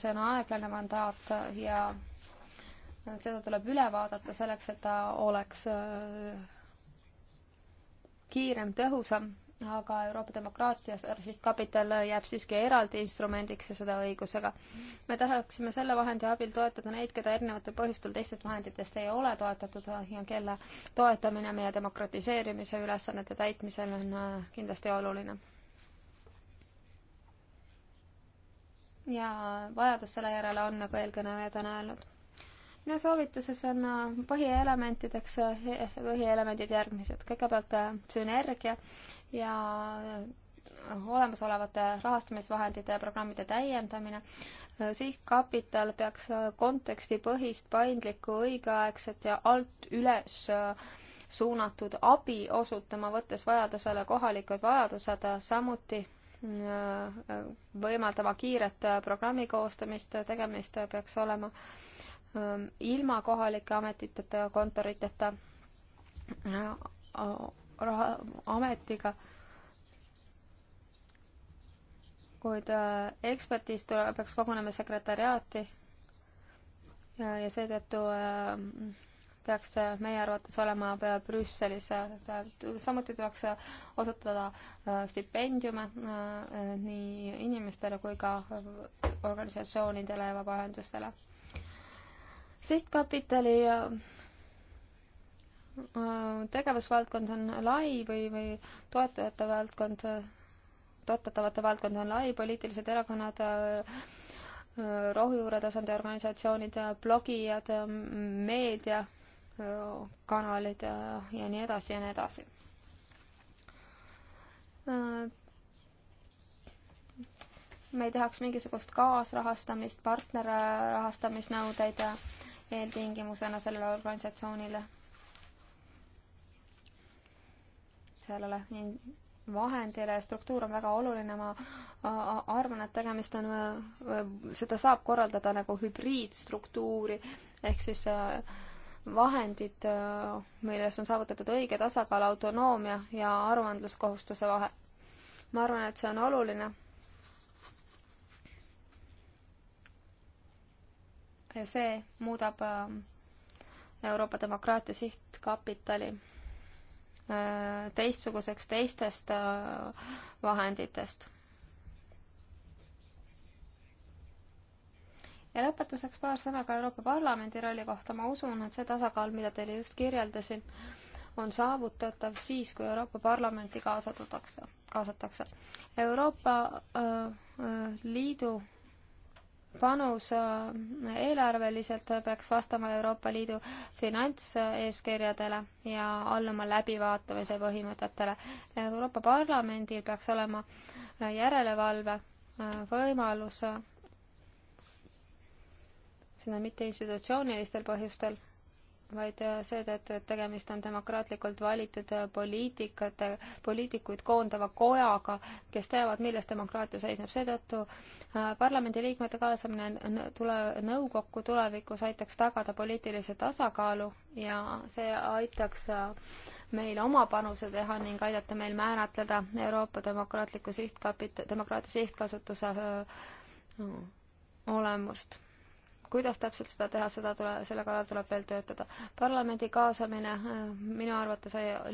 see on aeglane mandaat ja seda tuleb üle vaadata selleks, et ta oleks äh, kiirem, tõhusam aga Euroopa demokraatia kapital jääb siiski eraldi instrumendiks ja seda õigusega. me tahaksime selle vahendi abil toetada neid, keda erinevatel põhjustel teistest vahenditest ei ole toetatud ja kelle toetamine meie demokratiseerimise ülesannete täitmisel on äh, kindlasti oluline. ja vajadus selle järele on, nagu eelkõnelejad on öelnud minu soovituses on äh, põhielementideks, eh, põhielemendid järgmised. kõigepealt äh, sünergia ja olemasolevate rahastamisvahendite ja programmide täiendamine. sihtkapital peaks kontekstipõhist, paindlikku, õigeaegset ja alt üles suunatud abi osutama, võttes vajadusele kohalikud vajadused, samuti äh, võimaldama kiiret programmi koostamist, tegemist peaks olema ähm, ilma kohalike ametiteta ja kontoriteta äh, raha, ametiga. kuid äh, ekspertiis tuleb, peaks kogunema sekretäriaati ja, ja seetõttu äh, peaks äh, meie arvates olema Brüsselis, samuti tuleks osutada stipendiume nii inimestele kui ka organisatsioonidele ja vabaühendustele. sihtkapitali Äh, tegevusvaldkond on lai või, või toetajate valdkond, toetatavate valdkond on lai, poliitilised erakonnad, äh, äh, rohujuure tasandi organisatsioonid, blogijad, meediakanalid ja, ja nii edasi ja nii edasi. me ei tahaks mingisugust kaasrahastamist, partnerrahastamisnõudeid eeltingimusena sellele organisatsioonile sellele vahendile, struktuur on väga oluline, ma arvan, et tegemist on, seda saab korraldada nagu hübriidstruktuuri, ehk siis vahendid, milles on saavutatud õige tasakaal autonoomia ja aruandluskohustuse vahel. ma arvan, et see on oluline. ja see muudab Euroopa demokraatia sihtkapitali Äh, teistsuguseks teistest äh, vahenditest. ja lõpetuseks paar sõna ka Euroopa Parlamendi rolli kohta. ma usun, et see tasakaal, mida teile just kirjeldasin, on saavutatav siis, kui Euroopa Parlamenti kaasatatakse, kaasatakse. Euroopa öö, äh, öö, Liidu panus äh, eelarveliselt peaks vastama Euroopa Liidu finantseeskirjadele ja alluma läbivaatamise põhimõtetele. Euroopa Parlamendil peaks olema äh, järelevalve äh, võimalus seda mitte institutsioonilistel põhjustel vaid äh, seetõttu, et tegemist on demokraatlikult valitud äh, poliitikate, äh, poliitikuid koondava kojaga, kes teavad, milles demokraatia seisneb. seetõttu parlamendiliikmete kaasamine tule, nõukokku tulevikus aitaks tagada poliitilise tasakaalu ja see aitaks meil oma panuse teha ning aidata meil määratleda Euroopa demokraatliku sihtkapit-, demokraatia sihtkasutuse öö, olemust kuidas täpselt seda teha, seda tule, selle kallal tuleb veel töötada. parlamendi kaasamine äh, minu arvates äh,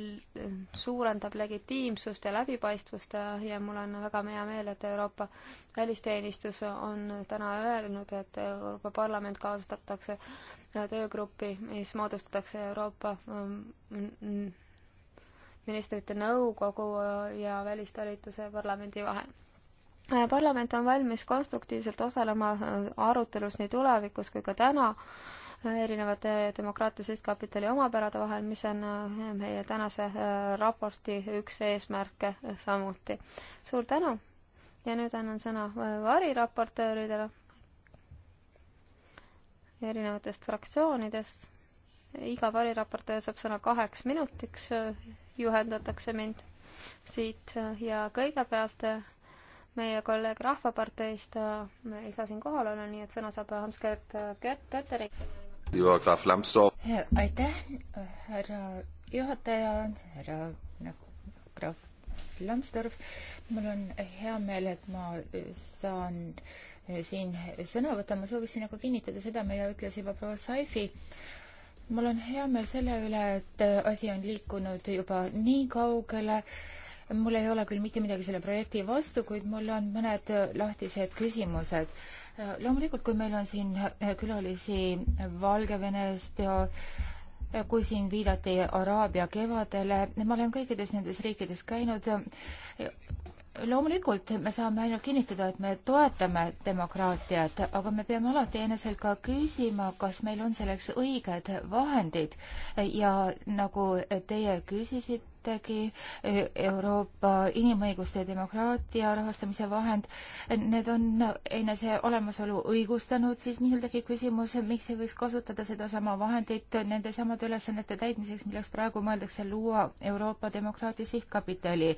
suurendab legitiimsust ja läbipaistvust äh, ja mul on väga hea meel, et Euroopa välisteenistus on täna öelnud, et Euroopa Parlament kaasatakse töögruppi, mis moodustatakse Euroopa ähm, ministrite nõukogu ja välistalituse parlamendi vahel Äh, parlament on valmis konstruktiivselt osalema äh, arutelus nii tulevikus kui ka täna äh, erinevate demokraatia sihtkapitali omapärade vahel, mis on meie tänase raporti üks eesmärke samuti. suur tänu ja nüüd annan sõna variraportööridele erinevatest fraktsioonidest. iga variraportöör saab sõna kaheks minutiks, juhendatakse mind siit ja kõigepealt meie kolleeg Rahvaparteist äh, ei saa siin kohal olla, nii et sõna saab Hans-Gerd äh, Pötteri. aitäh, härra juhataja, härra nagu Graf Lambsdorff. mul on hea meel, et ma saan siin sõna võtta, ma sooviksin aga nagu kinnitada seda, mida ütles juba proua Saifi mul on hea meel selle üle, et asi on liikunud juba nii kaugele äh, mul ei ole küll mitte midagi selle projekti vastu, kuid mul on mõned äh, lahtised küsimused. Äh, loomulikult, kui meil on siin äh, külalisi Valgevenest ja kui siin viidati Araabia kevadele, ma olen kõikides nendes riikides käinud, loomulikult me saame ainult kinnitada, et me toetame demokraatiat, aga me peame alati eneselt ka küsima, kas meil on selleks õiged vahendid ja nagu teie küsisitegi, Euroopa Inimõiguste ja Demokraatia rahastamise vahend, need on enese olemasolu õigustanud, siis minul tekib küsimus, miks ei võiks kasutada sedasama vahendit nende samade ülesannete täitmiseks, milleks praegu mõeldakse luua Euroopa Demokraatia Sihtkapitali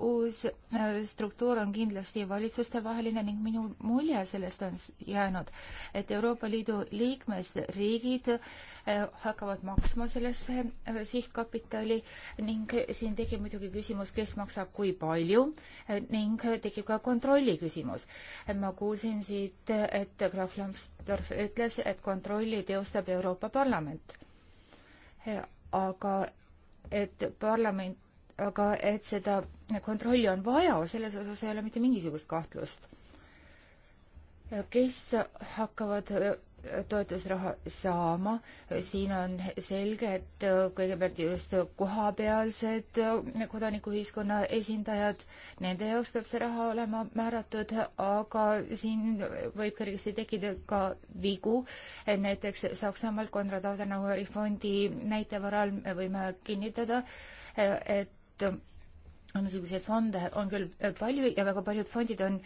uus äh, struktuur on kindlasti valitsustevaheline ning minu mulje sellest on jäänud, et Euroopa Liidu liikmesriigid äh, hakkavad maksma sellesse äh, sihtkapitali ning siin tekib muidugi küsimus, kes maksab kui palju ning tekib ka kontrolli küsimus. ma kuulsin siit, et Graf Lambsdorff ütles, et kontrolli teostab Euroopa Parlament. aga et parlament aga et seda kontrolli on vaja, selles osas ei ole mitte mingisugust kahtlust. kes hakkavad toetusraha saama, siin on selge, et kõigepealt just kohapealsed kodanikuühiskonna esindajad, nende jaoks peab see raha olema määratud, aga siin võib kergesti tekkida ka vigu. näiteks Saksamaalt Konrad Adenaueri fondi näite varal me võime kinnitada, et et niisuguseid fonde on küll palju ja väga paljud fondid on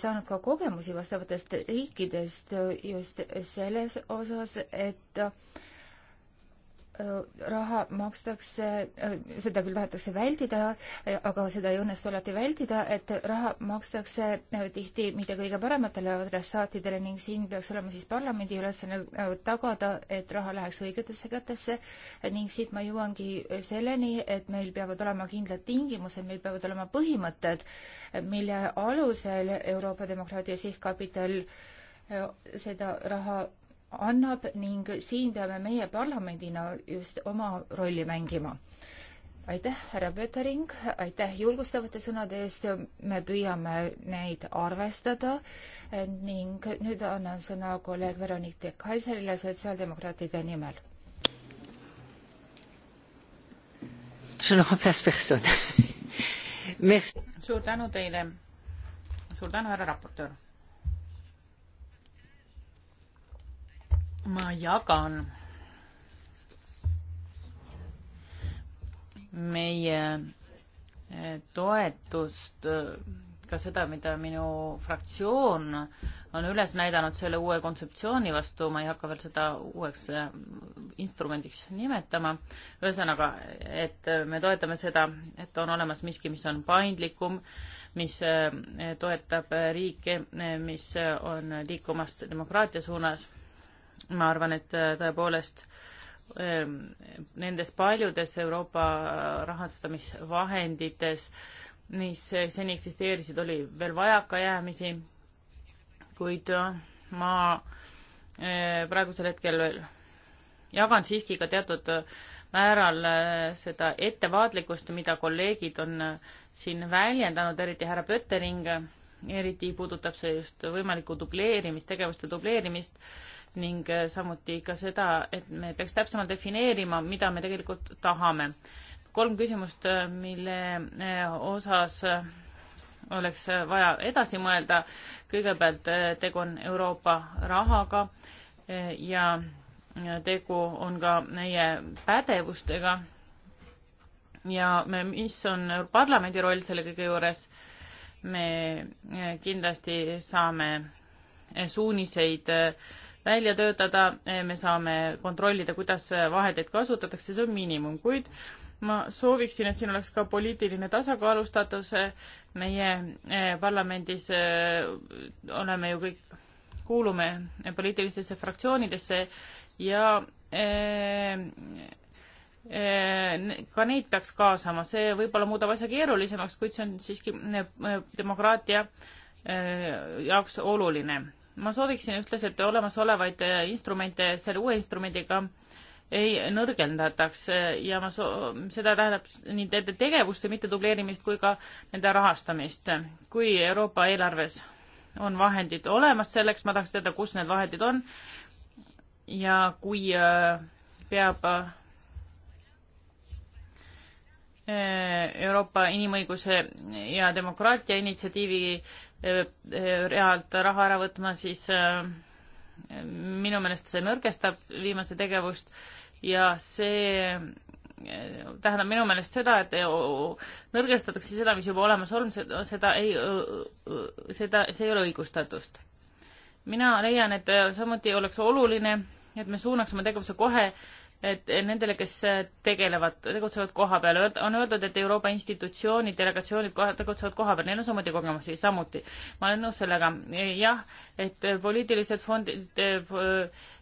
saanud ka kogemusi vastavatest riikidest just selles osas, et Äh, raha makstakse, äh, seda küll tahetakse vältida, äh, aga seda ei õnnestu alati vältida, et raha makstakse tihti mitte kõige parematele adressaatidele ning siin peaks olema siis parlamendi ülesanne tagada, et raha läheks õigetesse kätesse ning siit ma jõuangi selleni, et meil peavad olema kindlad tingimused, meil peavad olema põhimõtted, mille alusel Euroopa Demokraatia Sihtkapital seda raha annab ning siin peame meie parlamendina just oma rolli mängima. aitäh, härra Pötering, aitäh julgustavate sõnade eest, me püüame neid arvestada ning nüüd annan sõna kolleeg Veronique de Kaiserile sotsiaaldemokraatide nimel. <laughs> suur tänu teile, suur tänu, härra raportöör ma jagan meie eh, toetust eh, ka seda, mida minu fraktsioon on üles näidanud selle uue kontseptsiooni vastu, ma ei hakka veel seda uueks eh, instrumendiks nimetama, ühesõnaga, et me toetame seda, et on olemas miski, mis on paindlikum, mis toetab riike, mis on liikumas demokraatia suunas ma arvan, et äh, tõepoolest ähm, nendes paljudes Euroopa äh, rahastamisvahendites, mis äh, seni eksisteerisid, oli veel vajakajäämisi, kuid ma praegusel hetkel veel jagan siiski ka teatud määral seda ettevaatlikkust, mida kolleegid on siin väljendanud, eriti härra Pöttering, eriti puudutab see just võimalikku dubleerimist, tegevuste dubleerimist, ning äh, samuti ka seda, et me peaks täpsemalt defineerima, mida me tegelikult tahame. kolm küsimust, äh, mille äh, osas oleks vaja edasi mõelda. kõigepealt tegu on Euroopa rahaga ja tegu on ka meie pädevustega. ja me, mis on parlamendi roll selle kõige juures? me kindlasti saame suuniseid välja töötada, eh, me saame kontrollida, kuidas vahendeid kasutatakse, see on miinimum, kuid ma sooviksin, et siin oleks ka poliitiline tasakaalustatus, eh, meie eh, parlamendis oleme ju kõik, kuulume poliitilistesse fraktsioonidesse ja ka neid peaks kaasama, see võib-olla muudab asja keerulisemaks, kuid see on siiski demokraatia jaoks oluline ma sooviksin ühtlaselt olemasolevaid äh, instrumente selle uue instrumendiga ei nõrgendataks äh, ja ma soo-, seda tähendab nii nende tegevuste mittedubleerimist kui ka nende rahastamist. kui Euroopa eelarves on vahendid olemas selleks, ma tahaks teada, kus need vahendid on ja kui äh, peab Eh, Euroopa inimõiguse ja demokraatia initsiatiivi eh, eh, realt raha ära võtma, siis minu meelest see nõrgestab viimase tegevust ja see tähendab minu meelest seda, et nõrgestatakse seda, mis juba olemas on, seda ei, seda, see ei ole õigustatust. mina leian, et samuti oleks oluline, et me suunaks oma tegevuse kohe äh, et nendele, kes tegelevad, tegutsevad koha peal, on öeldud, et Euroopa institutsioonid, delegatsioonid koha, tegutsevad koha peal, neil on samuti kogemusi, samuti. ma olen nõus sellega, jah, et poliitilised fondid, eh,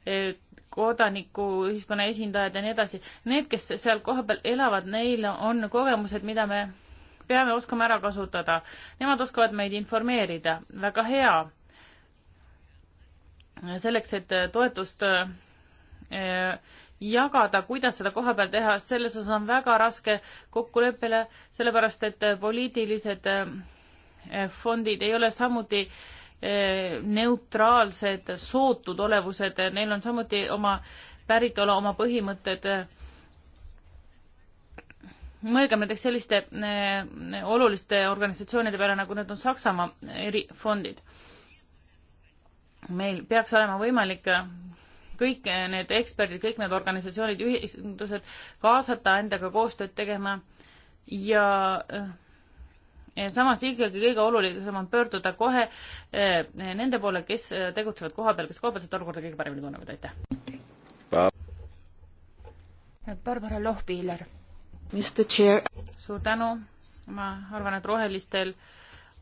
eh, kodanikuühiskonna esindajad ja nii edasi, need, kes seal kohapeal elavad, neil on kogemused, mida me peame oskama ära kasutada. Nemad oskavad meid informeerida, väga hea. selleks, et toetust eh, Äh, jagada, kuidas seda kohapeal teha, selles osas on väga raske kokkuleppele, sellepärast et äh, poliitilised äh, fondid ei ole samuti neutraalsed, sootud olevused, neil on samuti oma päritolu, oma põhimõtted. mõelgem näiteks selliste oluliste organisatsioonide peale, nagu need on Saksamaa erifondid. meil peaks olema võimalik kõik eh, need eksperdid, kõik need organisatsioonid, ühendused kaasata endaga koostööd tegema ja, eh, ja samas ikkagi kõige olulisem on pöörduda kohe eh, nende poole, kes tegutsevad kohapeal, kes kohapealset olukorda kõige paremini tunnevad, aitäh. Barbara Lohpiller. suur tänu, ma arvan, et rohelistel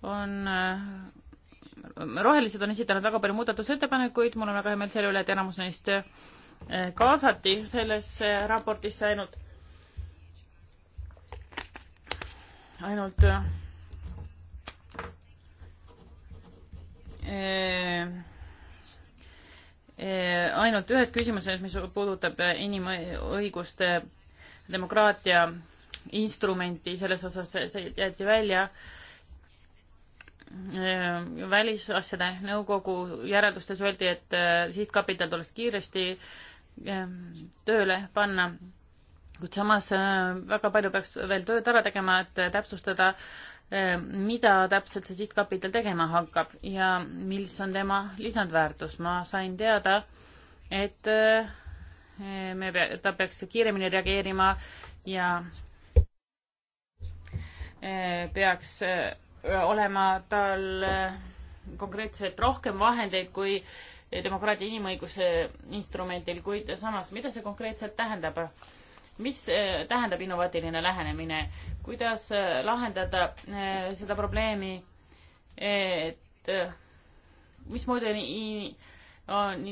on rohelised on esitanud väga palju muudatusettepanekuid, mul on väga hea meel selle üle, et enamus neist eh, kaasati sellesse raportisse ainult, ainult eh, eh, ainult ühes küsimuses, mis puudutab inimõiguste demokraatia instrumenti, selles osas see jäeti välja Ehm, välisasjade nõukogu järeldustes öeldi, et äh, sihtkapital tuleks kiiresti ehm, tööle panna, kuid samas äh, väga palju peaks veel tööd ära tegema, et täpsustada, ehm, mida täpselt see sihtkapital tegema hakkab ja mis on tema lisandväärtus. ma sain teada, et äh, me pea-, ta peaks kiiremini reageerima ja peaks olema tal konkreetselt rohkem vahendeid kui demokraatia inimõiguse instrumendil, kuid samas, mida see konkreetselt tähendab? mis tähendab innovaatiline lähenemine, kuidas lahendada seda probleemi, et mismoodi on on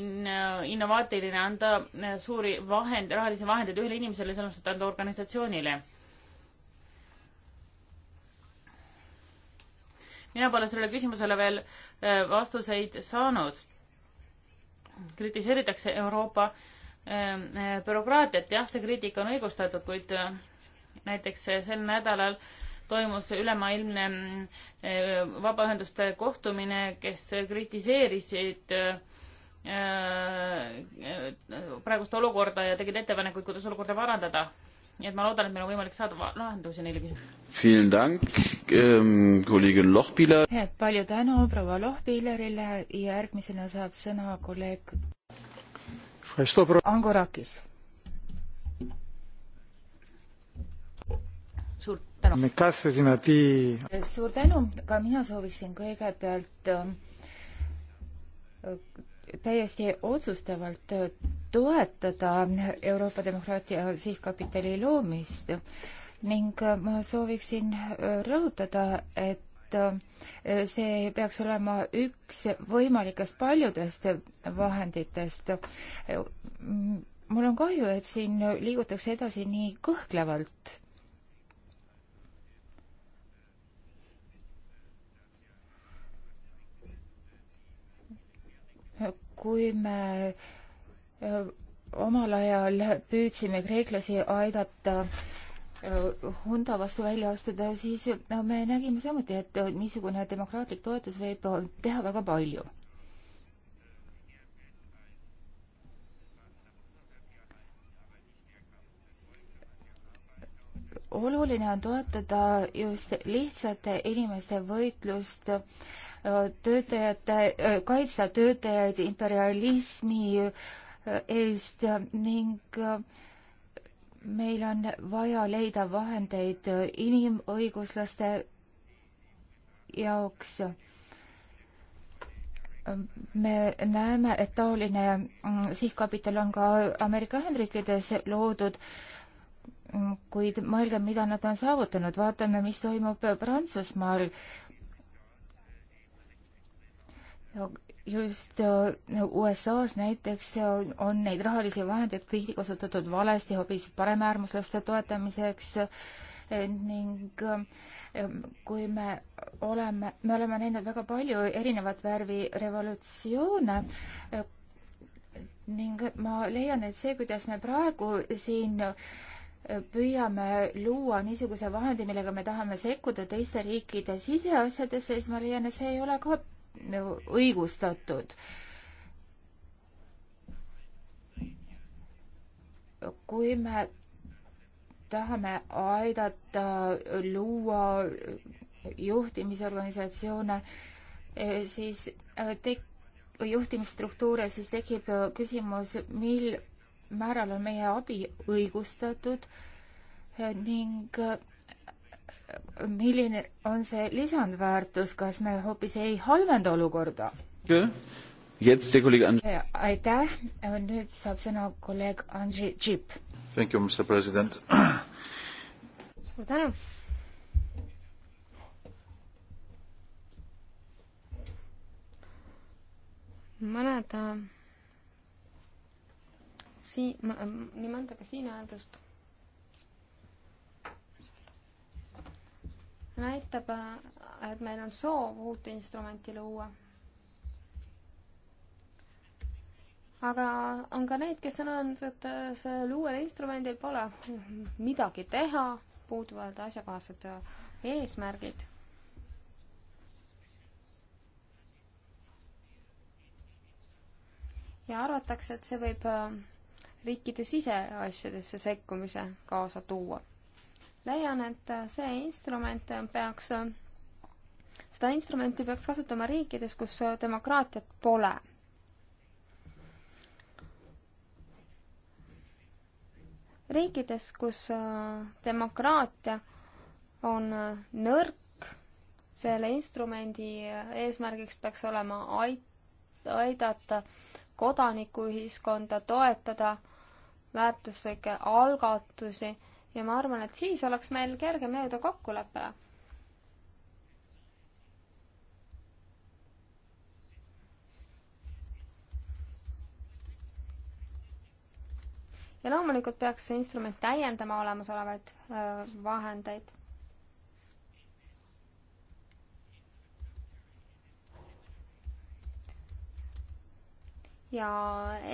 innovaatiline anda suuri vahend, rahalisi vahendeid ühele inimesele, samas et anda organisatsioonile. mina pole sellele küsimusele veel äh, vastuseid saanud. kritiseeritakse Euroopa ähm, äh, bürokraatiat, jah, see kriitika on õigustatud, kuid äh, näiteks sel nädalal toimus ülemaailmne vabaühenduste kohtumine, kes kritiseerisid praegust olukorda ja tegid ettepanekuid, kuidas olukorda parandada nii et ma loodan, et meil on võimalik saada lahendusi neile küsimustele. Ähm, palju tänu proua Lohpillerile ja järgmisena saab sõna kolleeg Angorakis. suur tänu. Äh, suur tänu, ka mina sooviksin kõigepealt äh, täiesti otsustavalt äh, toetada Euroopa demokraatia sihtkapitali loomist ning ma sooviksin rõhutada, et see peaks olema üks võimalikest paljudest vahenditest. mul on kahju, et siin liigutakse edasi nii kõhklevalt. kui me omal ajal püüdsime kreeklasi aidata äh, Hunda vastu välja astuda, siis no, äh, me nägime samuti, et äh, niisugune demokraatlik toetus võib teha väga palju. oluline on toetada just lihtsate inimeste võitlust töötajate, kaitsta töötajaid imperialismi äh, eest ning äh, meil on vaja leida vahendeid äh, inimõiguslaste jaoks. me näeme, et taoline mm, sihtkapital on ka Ameerika Ühendriikides loodud, mm, kuid mõelgem, mida nad on saavutanud, vaatame, mis toimub Prantsusmaal just äh, USA-s näiteks äh, on neid rahalisi vahendeid tihti kasutatud valesti hoopis paremäärmuslaste toetamiseks äh, ning kui me oleme, me oleme näinud väga palju erinevat värvi revolutsioone, ning ma leian, et see, kuidas me praegu siin püüame luua niisuguse vahendi, millega me tahame sekkuda teiste riikide siseasjadesse, siis ma leian, et see ei ole ka õigustatud. kui me tahame aidata luua juhtimisorganisatsioone, siis äh, tek-, juhtimisstruktuure, siis tekib küsimus, mil määral on meie abi õigustatud äh, ning äh, milline on see lisandväärtus, kas me hoopis ei halvenda olukorda? aitäh, nüüd saab sõna kolleeg Andrei Tšip. <clears throat> suur tänu. mõned äh, siin, nii mõndagi siin öeldust näitab, et meil on soov uut instrumenti luua. aga on ka neid, kes on öelnud, et sellel uuel instrumendil pole midagi teha, puuduvad asjakohased eesmärgid. ja arvatakse, et see võib riikide siseasjadesse sekkumise kaasa tuua leian, et see instrument peaks, seda instrumenti peaks kasutama riikides, kus demokraatiat pole. riikides, kus demokraatia on nõrk, selle instrumendi eesmärgiks peaks olema ait-, aidata kodanikuühiskonda, toetada väärtuslikke algatusi ja ma arvan, et siis oleks meil kergem jõuda kokkuleppele. ja loomulikult peaks see instrument täiendama olemasolevaid vahendeid ja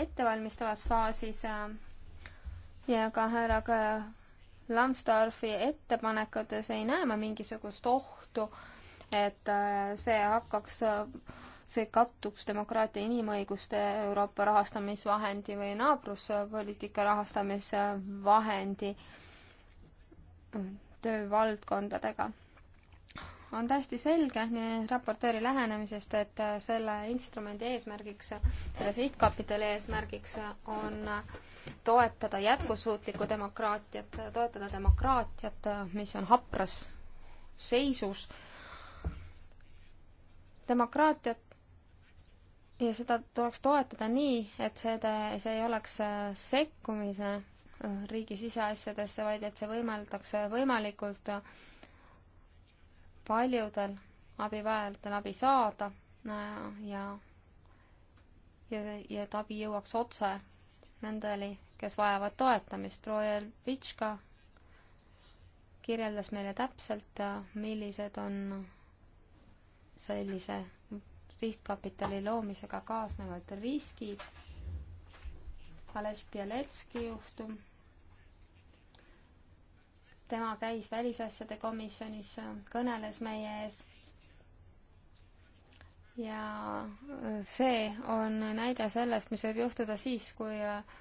ettevalmistavas faasis ja ka härra Lambsdorfi ettepanekutes ei näe ma mingisugust ohtu, et äh, see hakkaks, äh, see kattuks demokraatia inimõiguste Euroopa rahastamisvahendi või naabruspoliitika rahastamisvahendi äh, töövaldkondadega. on täiesti selge nii raportööri lähenemisest, et selle instrumendi eesmärgiks, selle sihtkapitali eesmärgiks on äh, toetada jätkusuutlikku demokraatiat, toetada demokraatiat, mis on hapras seisus. demokraatiat ja seda tuleks toetada nii, et seda, see ei oleks sekkumise riigi siseasjadesse, vaid et see võimaldaks võimalikult paljudel abivajajatel abi saada ja, ja, ja et abi jõuaks otse nendeni, kes vajavad toetamist. proua Vitška kirjeldas meile täpselt, äh, millised on sellise sihtkapitali loomisega kaasnevad riskid. Aleš Bieletski juhtum. tema käis välisasjade komisjonis, äh, kõneles meie ees ja äh, see on näide sellest, mis võib juhtuda siis, kui äh,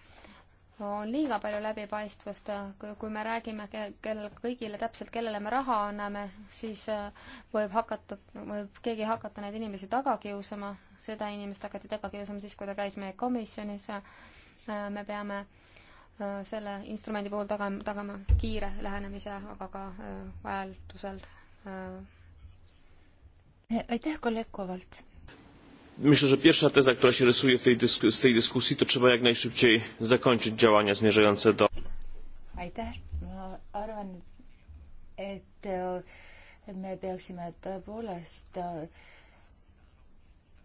on liiga palju läbipaistvust, kui me räägime, kel-, kõigile täpselt, kellele me raha anname, siis äh, võib hakata, võib keegi hakata neid inimesi taga kiusama, seda inimest hakati taga kiusama siis, kui ta käis meie komisjonis, me peame selle instrumendi puhul tagama, tagama kiire lähenemise, aga ka vajadusel aitäh kolleeg Kovalt! Myślę, że pierwsza teza, która się rysuje w tej dysku, z tej dyskusji, to trzeba jak najszybciej zakończyć działania zmierzające do. aitäh, ma arvan, et äh, me peaksime tõepoolest äh,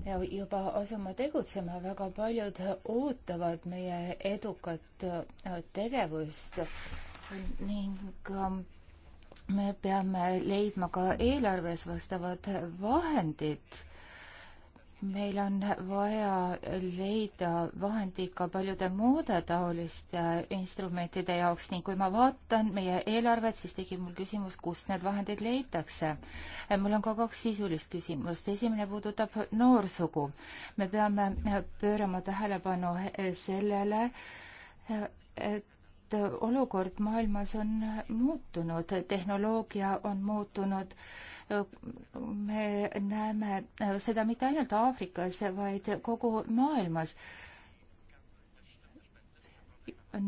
ja juba asuma tegutsema, väga paljud ootavad meie edukat äh, tegevust ning me peame leidma ka eelarves vastavad vahendid meil on vaja leida vahendid ka paljude muude taoliste instrumentide jaoks ning kui ma vaatan meie eelarvet, siis tekib mul küsimus, kust need vahendid leitakse. mul on ka kaks sisulist küsimust, esimene puudutab noorsugu. me peame pöörama tähelepanu sellele, et et olukord maailmas on muutunud, tehnoloogia on muutunud. me näeme seda mitte ainult Aafrikas, vaid kogu maailmas.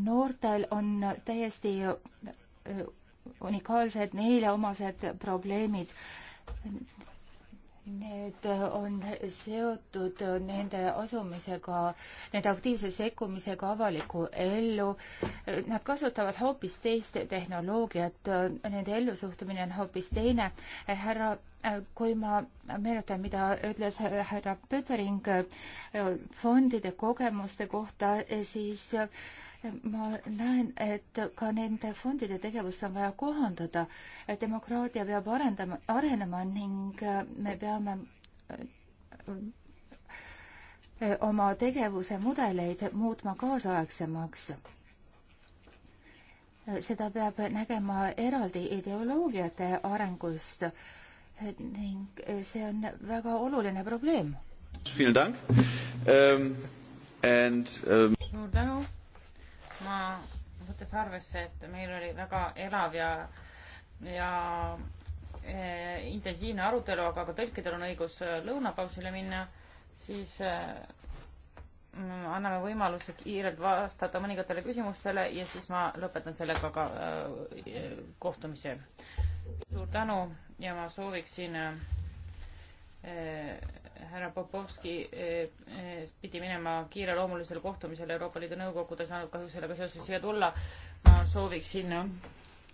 noortel on täiesti unikaalsed neile omased probleemid Need on seotud nende asumisega, nende aktiivse sekkumisega avalikku ellu. Nad kasutavad hoopis teist tehnoloogiat, nende ellusuhtumine on hoopis teine. härra, kui ma meenutan, mida ütles härra Pöttering fondide kogemuste kohta, siis ma näen, et ka nende fondide tegevust on vaja kohandada. demokraatia peab arendama, arenema ning äh, me peame äh, äh, oma tegevuse mudeleid muutma kaasaegsemaks. seda peab nägema eraldi ideoloogiate arengust ning see on väga oluline probleem. Ähm, ähm, suur tänu ma, võttes arvesse, et meil oli väga elav ja, ja e, intensiivne arutelu, aga ka tõlkidel on õigus eh, lõunapausile minna, siis e, anname võimaluse kiirelt vastata mõningatele küsimustele ja siis ma lõpetan sellega ka e, kohtumise. suur tänu ja ma sooviksin härra Popovski eh, eh, pidi minema kiireloomulisele kohtumisele Euroopa Liidu Nõukogu, ta ei saanud kahjuks sellega seoses siia tulla. ma sooviksin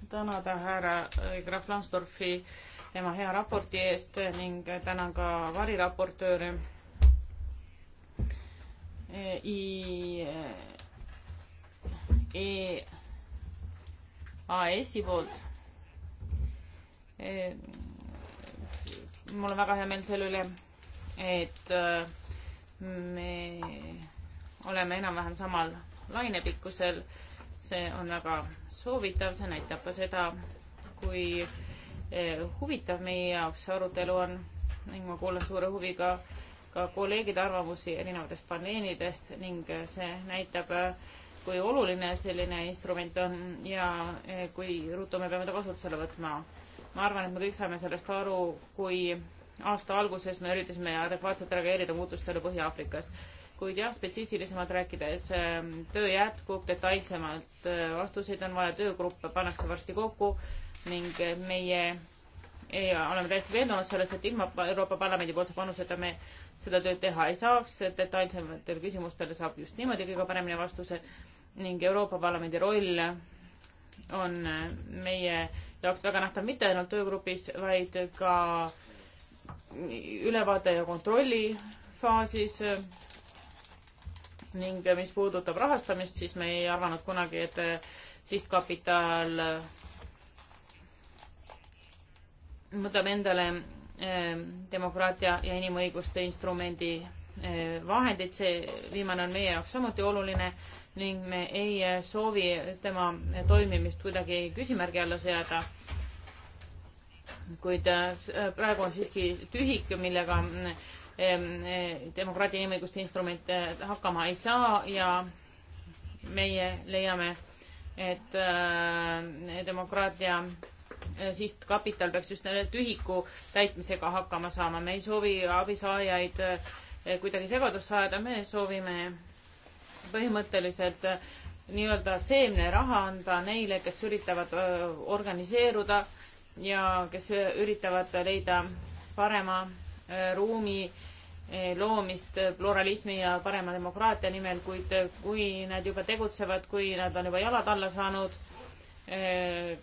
tänada härra eh, Graf Lansdorfi tema hea raporti eest ning tänan ka variraportööre I e, EAS-i poolt e,. mul on väga hea meel selle üle, et äh, me oleme enam-vähem samal lainepikkusel. see on väga soovitav, see näitab ka seda, kui äh, huvitav meie jaoks see arutelu on ning ma kuulan suure huviga ka kolleegide arvamusi erinevatest paneelidest ning äh, see näitab, kui oluline selline instrument on ja kui ruttu me peame ta kasutusele võtma. ma arvan, et me kõik saame sellest aru, kui aasta alguses me üritasime adekvaatselt reageerida muutustele Põhja-Aafrikas. kuid jah, spetsiifilisemalt rääkides, ähm, töö jätkub detailsemalt, äh, vastuseid on vaja, töögruppe pannakse varsti kokku ning meie ei, oleme täiesti veendunud selles, et ilma Euroopa Parlamendi poolse panuseta me seda tööd teha ei saaks, et detailsematele küsimustele saab just niimoodi kõige paremini vastuse ning Euroopa Parlamendi roll on meie jaoks väga nähtav mitte ainult töögrupis, vaid ka ülevaate ja kontrolli faasis ning mis puudutab rahastamist, siis me ei arvanud kunagi, et sihtkapital võtab endale eh, demokraatia ja inimõiguste instrumendi eh, vahendid, see viimane on meie jaoks samuti oluline ning me ei soovi tema toimimist kuidagi küsimärgi alla seada kuid äh, praegu on siiski tühik, millega ähm, äh, demokraatia inimõiguste instrument äh, hakkama ei saa ja meie leiame, et demokraatia sihtkapital peaks just selle tühiku täitmisega hakkama saama. me ei soovi abisaajaid kuidagi segadusse ajada, me soovime põhimõtteliselt nii-öelda seemneraha anda neile, kes üritavad organiseeruda äh, ja kes üritavad leida parema ruumi loomist pluralismi ja parema demokraatia nimel, kuid kui nad juba tegutsevad, kui nad on juba jalad alla saanud,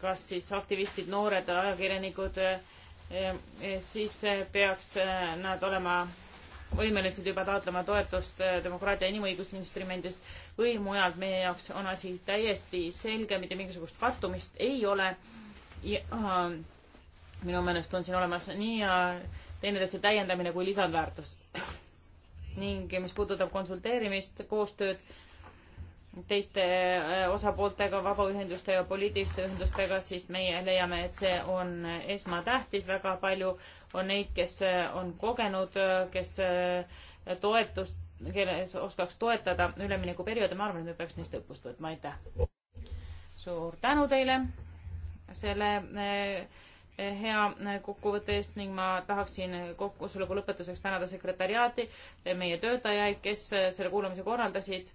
kas siis aktivistid, noored, ajakirjanikud, siis peaks nad olema võimelised juba taotlema toetust demokraatia inimõiguste instrumendist või mujalt. meie jaoks on asi täiesti selge, mitte mingisugust kattumist ei ole ja ähm, minu meelest on siin olemas nii äh, teineteise täiendamine kui lisandväärtus. ning mis puudutab konsulteerimist, koostööd teiste äh, osapooltega, vabaühenduste ja poliitiliste ühendustega, siis meie leiame, et see on esmatähtis, väga palju on neid, kes äh, on kogenud, kes toetust, kelles oskaks toetada üleminekuperioodi, ma arvan, et me peaks neist õppust võtma, aitäh! suur tänu teile! selle eh, hea eh, kokkuvõtte eest ning ma tahaksin kokkusoleku lõpetuseks tänada sekretäriaati, eh, meie töötajaid, kes selle kuulamise korraldasid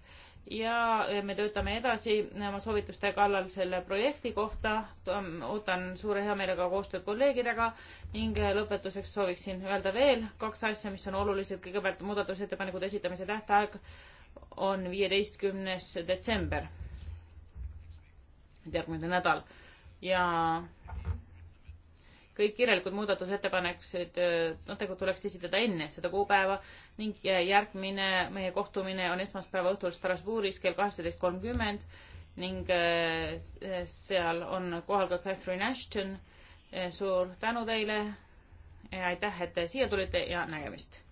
ja me töötame edasi oma soovituste kallal selle projekti kohta. ootan suure heameelega koostööd kolleegidega ning lõpetuseks sooviksin öelda veel kaks asja, mis on olulised. kõigepealt muudatusettepanekute esitamise tähtaeg on viieteistkümnes detsember, järgmine nädal ja kõik kirjalikud muudatusettepanekud, äh, noh, tegu tuleks esitada enne seda kuupäeva ning äh, järgmine meie kohtumine on esmaspäeva õhtul Strasbourgis kell kaheksateist kolmkümmend ning äh, seal on kohal ka Catherine Ashton. suur tänu teile. aitäh, et siia tulite ja nägemist